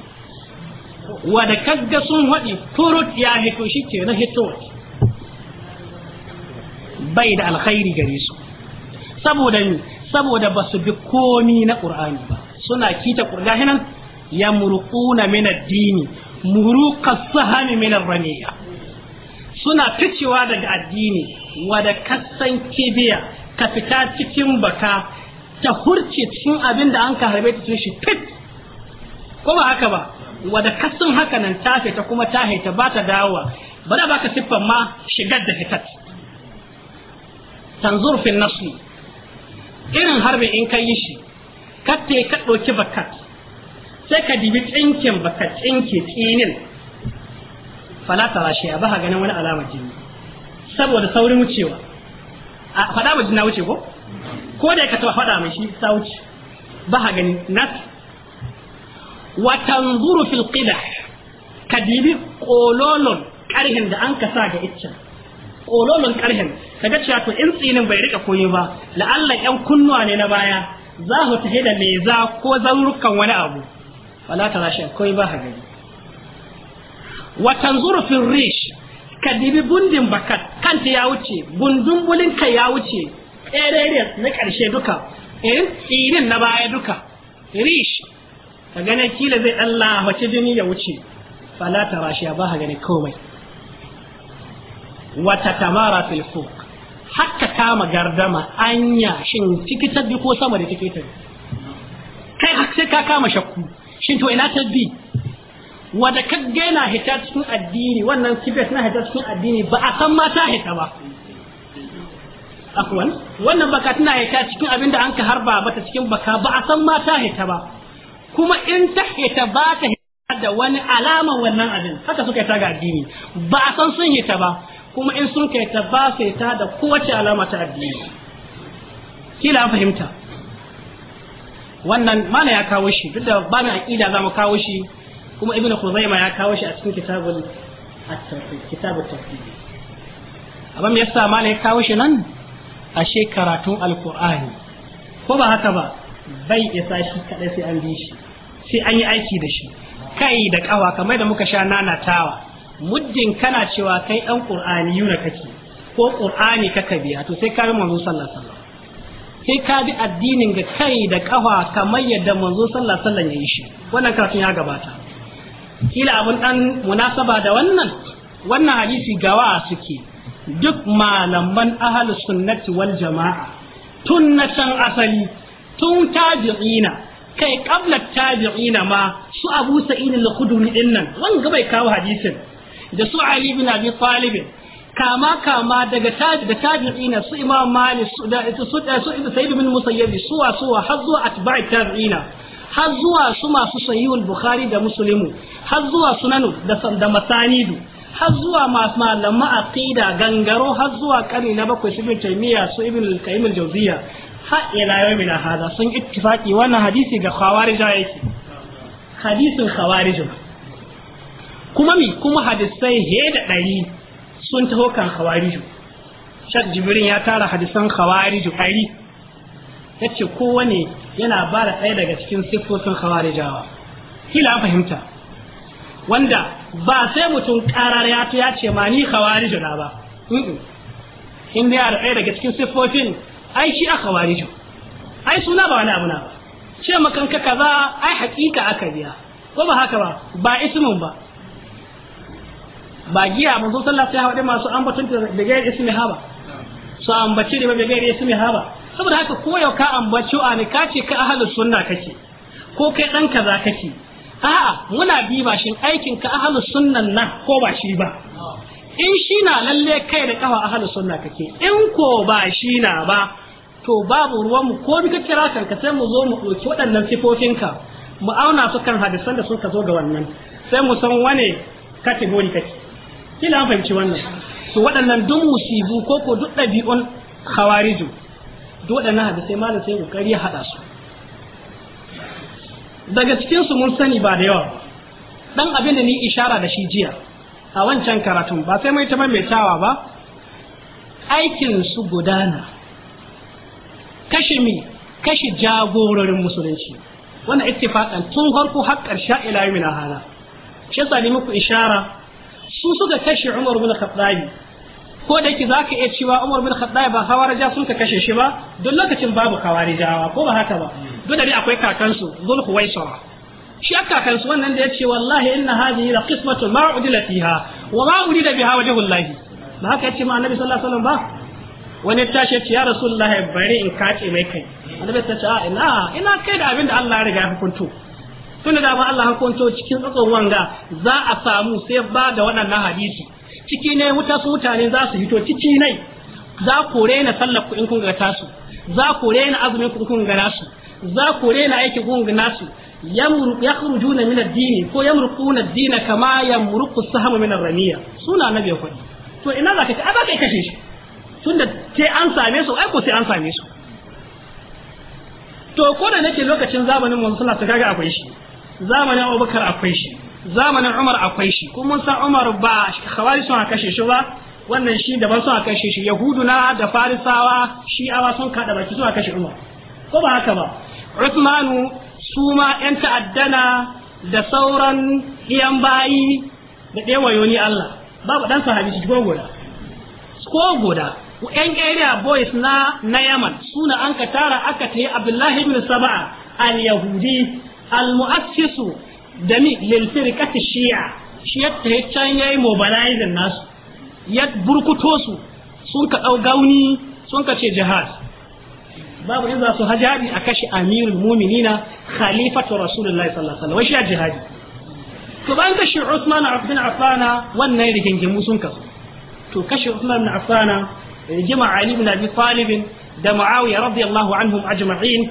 [SPEAKER 1] wadda kagga sun haɗi furut ya hito shi ke na bai da alkhairi gare su saboda saboda ba su bi komi na ƙur'ani ba suna kita ƙur'ani nan yamruquna min ad-dini muruqa sahami min ar suna ficewa daga addini wada kasan kibiya ka fita cikin baka ta hurce cikin abin da an ka harbe ta shi fit ko ba haka ba wada kasan haka nan ta fita kuma ta haita ba ta dawowa bada baka siffan ma shigar da fitat tanzur fi nasu irin harbe in ka yi shi katte ka ɗauki bakat sai ka dibi tsinken baka tsinke tsinin falata shi ba ha ganin wani alamar jini saboda saurin wucewa a faɗa ba jina wuce ko ko da ka taɓa faɗa mai shi ta wuce ba ha gani nas wa tanzuru fil qidah ka dibi kololon karhin da an ka sa ga iccen kololon karhin kaga cewa to in tsinin bai rika koyi ba la'alla yan kunnuwa ne na baya za su tafi da leza ko rukan wani abu wala tara shi koi ba hagari. wa tanzuru fi rish ka dibi bundin bakat kanta ya wuce bundun bulin ka ya wuce areas na karshe duka eh tsirin na baya duka rish ka gane kila zai Allah wace jini ya wuce fala tara shi ba hagari komai Wata tamara fil fuq hakka kama gardama anya shin tikitar ko sama da tikitar kai sai ka kama shakku Shin to ina ta bi wadda ka gaina hita cikin addini wannan kibet na hita cikin addini ba a san ma ta hita ba akwai wannan baka tana hita cikin abinda an ka harba bata cikin baka ba a san ma ta hita ba kuma in ta hita ba ta hita da wani alaman wannan abin haka suka hita ga addini ba a san sun hita ba kuma in sun kai ba su hita da kowace alama ta addini kila fahimta wannan mana ya kawo shi duk da ba babin aqida mu kawo shi kuma ibnu Kuzaima ya kawo shi a cikin kitabul at tafsir kitabul tafsir amma yasa mana ya kawo shi nan a shekaratun alqur'ani ko ba haka ba bai isa shi kadai sai an bi shi sai an yi aiki da shi kai da kawa kamar da muka sha nana nanatawa muddin kana cewa kai dan qur'ani yuna kake ko qur'ani kaka biya to sai ka bi manzo sallallahu alaihi sai ka bi addinin ga kai da kafa kamar yadda manzo sallah sallan ya yi shi wannan karatun ya gabata kila abun dan munasaba da wannan wannan hadisi gawa suke duk malaman ahlus sunnati wal jama'a tun na can asali tun tabi'ina kai qabla tabi'ina ma su Abu Sa'id al-Khudri dinnan nan wanga bai kawo hadisin da su Ali ibn Abi Talib kama kama daga taj da tabi'ina su imam malik su da su su ibn sayyid bin musayyib suwa suwa har zuwa atba'i tabi'ina har zuwa su masu sahihul bukhari da muslimu har zuwa sunanu da da masanidu har zuwa masu malama aqida gangaro har zuwa karni na bakwai su bin taymiya su ibn al-qayyim al-jawziya ha ila yawmina hada sun ittifaqi wannan hadisi ga khawarij yake hadisin khawarij kuma mi kuma hadisai he da dari sun taho kan khawariju shak jibrin ya tara hadisan khawariju ari yace kowane yana ba da ɗaya daga cikin siffofin khawarijawa kila fahimta wanda ba sai mutum karar ya ya ce ma ni khawariju na ba in dai a ɗaya daga cikin siffofin ai shi a khawariju ai suna ba wani abu na ba ce makanka kaza ai hakika aka biya ko ba haka ba ba ismin ba ba giya manzo sallallahu alaihi da masu ambaton da gairi ismi haba su ambaci riba da ismi haba saboda haka ko yau ka ambaci a ne ka ce ka sunna kake ko kai dan kaza kake a'a muna bi ba shin aikin ka ahli sunnan nan ko ba shi ba in shi na lalle kai da kafa ahli sunna kake in ko ba shi na ba to babu ruwan mu ko bika kira ka sai mu zo mu ɗauki waɗannan ka mu auna su kan hadisan da suka zo ga wannan sai mu san wane kategori kake kina an fahimci wannan To waɗannan duk musibu ko ko duk ɗabi'un khawariju duk waɗannan hadisai malam sai kokari ya haɗa su daga cikin su mun sani ba da yawa dan abin da ni ishara da shi jiya a wancan karatun ba sai mai ta maimaitawa ba aikin su gudana Kashi mi kashe jagororin musulunci wannan ittifaqan tun harko har ƙarshe ila yau mina hana shi ni muku ishara su suka kashe Umar bin Khattabi ko da yake zaka iya cewa Umar bin Khattabi ba Khawarija sun ka kashe shi ba don lokacin babu Khawarijawa ko ba haka ba duk da dai akwai kakansu Dhul Khuwaisara shi aka wannan da yace wallahi inna hadhihi la qismatu ma udila fiha wa ma urida biha wajhu Allah ba haka yace ma Annabi sallallahu alaihi wasallam ba wani tashi yace ya Rasulullahi bari in kace mai kai Annabi ta ce a ah, ina ina kai da abin da Allah ya riga ya hukunto tun da dama Allah hukunto cikin tsakon wanga za a samu sai ba da waɗannan hadisi ciki ne wuta su mutane za su hito ciki ne za ku rena sallar ku in kun ga tasu za ku rena azumin ku in kun ga nasu za ku rena aikin kun ga nasu yakhrujuna min ad-din ko yamruquna ad-din kama yamruqu as-sahmu min ar-ramiya suna nabi ku to ina za ka ta ba kai kashe shi tunda sai an same su ai ko sai an same su to ko da nake lokacin zamanin mu sallallahu alaihi wasallam kaga akwai shi zamanin abubakar akwai shi zamanin umar akwai shi kuma mun san umar ba khawari sun kashe shi ba wannan shi da ba sun kashe shi yahuduna da farisawa shi awa sun kada baki sun kashe umar ko ba haka ba usmanu su ma yan ta'addana da sauran iyan bayi da ɗewa yoni Allah babu dan sahabi shi ko ko goda yan area boys na na Yaman suna an ka tara aka ta yi Abdullahi ibn Saba'a al-Yahudi almu'assisu da mi lil firqati shi'a shi ya can yayi mobilizing nasu ya burkuto su sun ka dau gauni sun ka ce jihad babu in za su hajari a kashi amirul mu'minina khalifatu rasulullahi sallallahu alaihi wasallam wai shi jihadi to bayan kashe Usman bin Affana wannan rigingimu sun kasu to kashi Usman bin Affana rigima Ali bin Abi Talib da Muawiya radiyallahu anhum ajma'in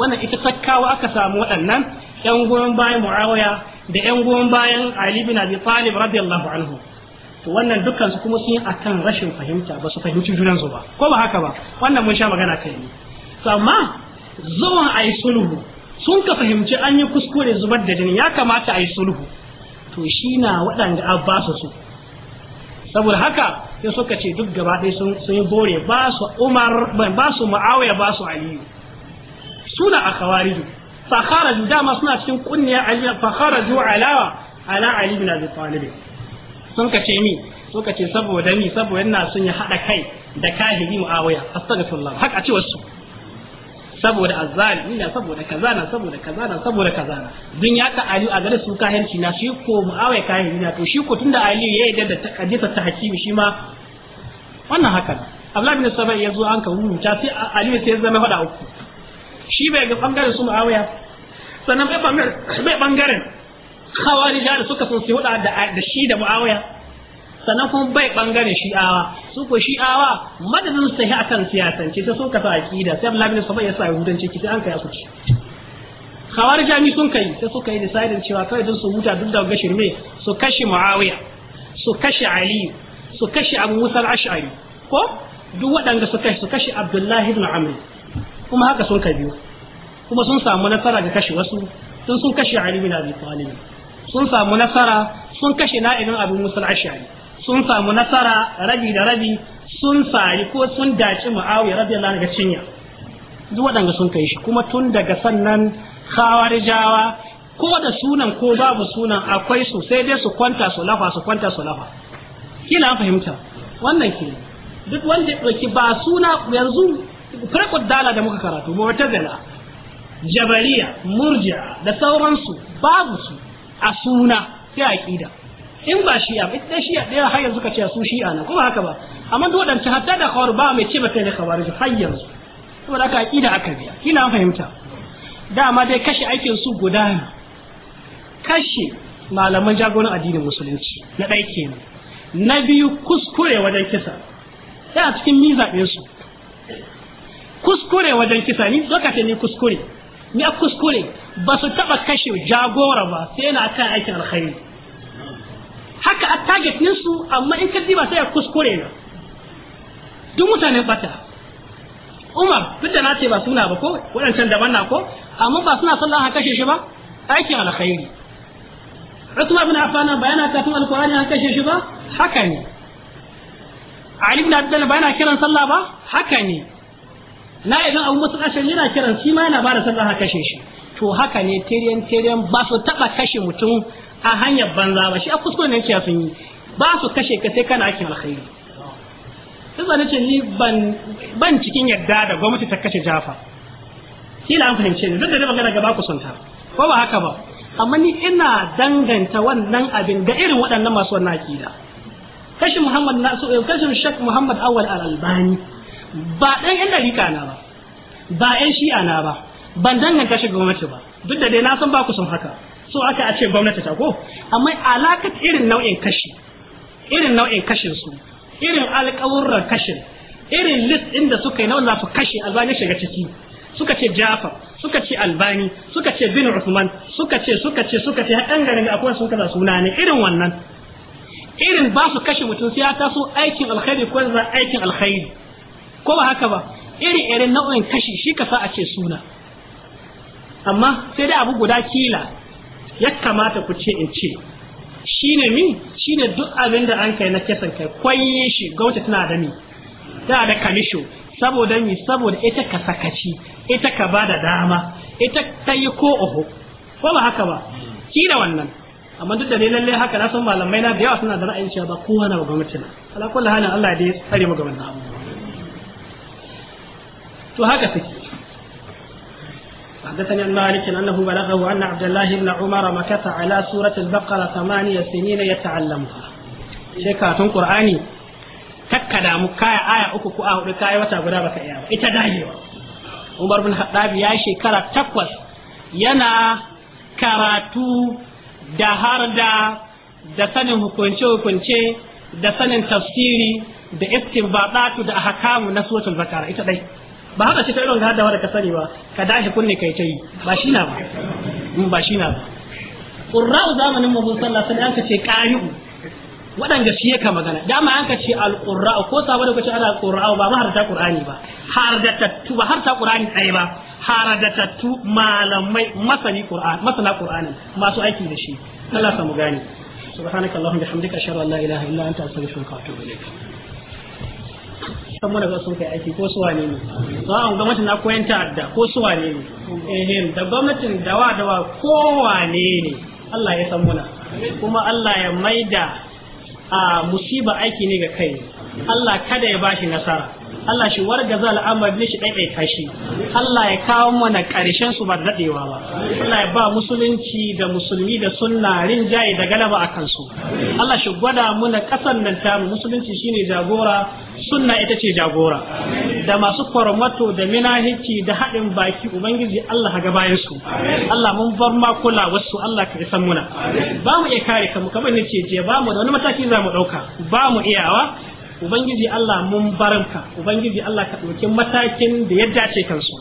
[SPEAKER 1] wannan ita sakkawa aka samu waɗannan yan goyon bayan muawiya da yan goyon bayan ali bin abi talib radiyallahu anhu to wannan dukkan su kuma sun yi akan rashin fahimta ba su fahimci junansu ba ko ba haka ba wannan mun sha magana kai ne to amma zuwan ayi sulhu sun ka fahimci an yi kuskure zubar da jini ya kamata ayi sulhu to shi na waɗanda abbasu su saboda haka sai suka ce duk gaba ɗaya sun yi bore ba su umar ba su ma'awiya ba su aliyu suna a fa kharaju dama suna cikin kunniya ali fa alawa, ala ala ali bin abi talib sun kace ni sun kace saboda ni saboda ina sun yi hada kai da kahiri muawiya astaghfirullah Hak a cewar su saboda azzalimi na saboda kaza na saboda kaza na saboda kaza na dun ya ka aliyu a garin su kahirci na shi ko muawiya kahiri na to shi ko tunda aliyu ya yarda da takaddisa ta hakimi shi ma wannan haka Abdullahi bin Sabai ya zo an ka rubuta sai Aliyu sai ya zama fada uku shi bai ga bangaren su muawiya sannan bai bangaren bai ni da suka sun su huda da shi da muawiya sannan kuma bai bangaren shi'awa su ko shi'awa madadin su a kan siyasance sai sun kasa aqida sai Abdullahi bin Saba ya sa yahudanci ki sai an kai su Hawar jami sun kai sai suka yi decidin cewa kawai don su huta duk da ga shirme su kashe muawiya su kashe ali su kashe abu musa al-ash'ari ko duk waɗanda su kashe su kashe abdullahi ibn amr kuma haka sun ka biyo kuma sun samu nasara ga kashe wasu tun sun kashe Ali bin Abi Talib sun samu nasara sun kashe na'ibin Abu Musa al-Ash'ari sun samu nasara rabi da rabi sun sari ko sun daci Muawiya radiyallahu anhu ga cinya duk waɗanda sun kai shi kuma tun daga sannan khawarijawa ko da sunan ko babu sunan akwai su sai dai su kwanta su lafa su kwanta su lafa kila fahimta wannan ke duk wanda ɗauki ba suna yanzu firqud dala da muka karatu ba wata mu'tazila jabariya Murja, da sauransu babu su a suna sai aqida in ba shi'a ita shi'a ɗaya har yanzu ka ce su shi'a na kuma haka ba amma duk waɗancan hatta da kawar ba mai ce ba da kawar har yanzu saboda haka aqida aka biya kina fahimta dama dai kashe aikin su guda ne kashe malaman jagoran addinin musulunci na ɗaya kenan na biyu kuskure wajen kisa sai a cikin mizaɓe su kuskure wajen kisa ni doka ce ni kuskure ni a kuskure ba su taba kashe jagora ba sai yana kan aikin alkhairi haka a target su amma in ka diba sai a kuskure na duk mutanen bata umar duk da na ce ba suna ba ko waɗancan daban na ko amma ba suna sallah a kashe shi ba aikin alkhairi Usman bin Affan bayana katun alkurani haka kashe shi ba haka ne Ali ibn Abdullah bayana kiran sallah ba haka ne na idan abu musu kashin yana kiran shi ma yana bada sallah kashe shi to haka ne teriyan teriyan ba su taba kashe mutum a hanyar banza ba shi a kuskure ne ya sun yi ba su kashe ka sai kana aikin alkhairi sai na ce ni ban ban cikin yadda da gwamnati ta kashe jafa kila an fahimce ni duk da magana gaba ku ko ba haka ba amma ni ina danganta wannan abin da irin waɗannan masu wannan akida kashin muhammad nasu eh, kashin shak muhammad awal al-albani ba ɗan yan ɗarika na ba ba yan shi'a na ba ban danganta shi gwamnati ba duk da dai na san ba ku son haka so aka a ce gwamnati ta ko amma alakat irin nau'in kashi irin nau'in kashin su irin alƙawurran kashin irin list ɗin da suka yi na wanda su kashe albani shiga ciki suka ce jafar suka ce albani suka ce bin usman suka ce suka ce suka ce haɗan garin da akwai sun kaza suna ne irin wannan irin ba su kashe mutum sai ya taso aikin alkhairi ko aikin alkhairi ko ba haka ba iri irin nau'in kashi shi kasa sa a ce suna amma sai dai abu guda kila ya kamata ku ce in ce Shi min, mi ne duk abin da an kai na kesan kai kwaye shi gauta tana da mi tana da kamisho saboda mi saboda ita ka sakaci ita ka ba da dama ita ta yi ko oho ko ba haka ba ki wannan amma duk da ne lalle haka na san malamai na da yawa suna da ra'ayin cewa ba kowa na gwamnati na ala kullu halin Allah dai tsare mu ga wannan abubuwa to haka suke حدثني عن مالك انه بلغه ان عبد الله بن عمر مكث على سوره البقره ثمانية سنين يتعلمها شيكاتون قراني takkada mu kaya aya uku ko a hudu kaya wata guda baka iya ita dahewa Umar bin Khattab ya shekara takwas yana karatu da har da sanin hukunce-hukunce da sanin tafsiri da istinbadatu da ahkamu na suratul bakara ita dai ba haka ce ta irin hadawa da ka sani ba ka dashi kunne kai ta yi ba shi na ba mm, ba shi na ba qurra'u zamanin mabu sallallahu alaihi wasallam ka ce qari'u waɗanda shi yaka magana dama an ka ce al ko sabo da kace ana qurra'u ba ta qur'ani ba tattu ba ta qur'ani tsaye ba hardatattu malamai masani qur'ani masana qur'ani masu aiki da shi Allah samu gani subhanakallahumma bihamdika ashhadu an la ilaha illa anta astaghfiruka wa atubu ilaik san mana sun kai aiki ko su wane ne to an gwamnati na koyan ta'adda ko su wane ne eh da gwamnatin dawa dawa ko wane ne Allah ya san muna kuma Allah ya maida a musiba aiki ne ga kai Allah kada ya bashi nasara Allah shi al'amar al'amari shi ɗaiɗaita kashi. Allah ya kawo mana ƙarshen su ba daɗewa ba Allah ya ba musulunci da musulmi da sunna rinjaye da galaba a kansu Allah shi gwada muna kasan nan ta, musulunci shine jagora sunna ita ce jagora da masu kwarmato da minahici da haɗin baki ubangiji Allah ga bayansu. su Allah mun bar ma kula wasu Allah ka san muna ba mu iya kare kamu kamar ne ce je ba mu da wani mataki za mu ɗauka ba mu iyawa ubangiji Allah mun baranka ubangiji Allah ka ɗauki matakin da ya dace kansu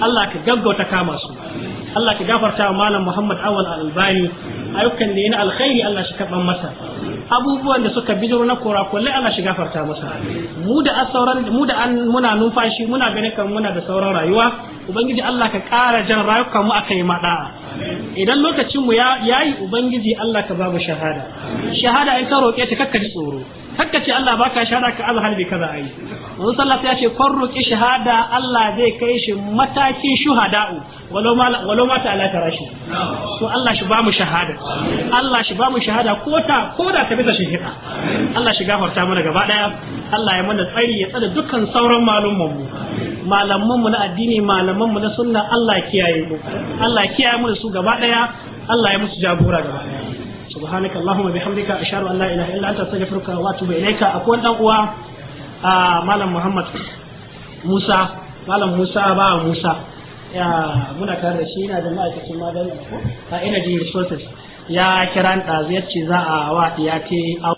[SPEAKER 1] Allah ka gaggauta kama su Allah ka gafarta wa malam Muhammad Awal Al-Albani ayyukan da na alkhairi Allah shi karban masa abubuwan da suka bi na kurakulle Allah shi gafarta masa mu da sauran mu da an muna numfashi muna ganin kan muna da sauran rayuwa ubangiji Allah ka ƙara jan rayukan mu akan yi maɗa'a idan lokacin mu yayi ubangiji Allah ka babu shahada shahada in ka roƙe ta kakka ji tsoro kakka ce Allah baka shahada ka azhar bi kaza ai wannan sallah ya ce farruqi shahada Allah zai kai shi matakin shuhada'u walau ma walau ma ta'ala karashi to Allah shi ba mu shahada Allah shi ba mu shahada ko ta ko da ta bisa shahida Allah shi gafarta mana gaba daya Allah ya mana tsari ya tsada dukkan sauran malumman mu malaman mu na addini malaman mu na sunna Allah kiyaye mu Allah kiyaye mu su gaba daya Allah ya musu jagora gaba daya subhanaka allahumma bihamdika ashhadu an la ilaha illa anta astaghfiruka wa atubu ilaika akwai dan uwa a malam muhammad musa malam musa ba musa ya muna tare da shi yana da ma'aikacin magani energy resources ya kiran ɗazu ya ce za a wa ɗiya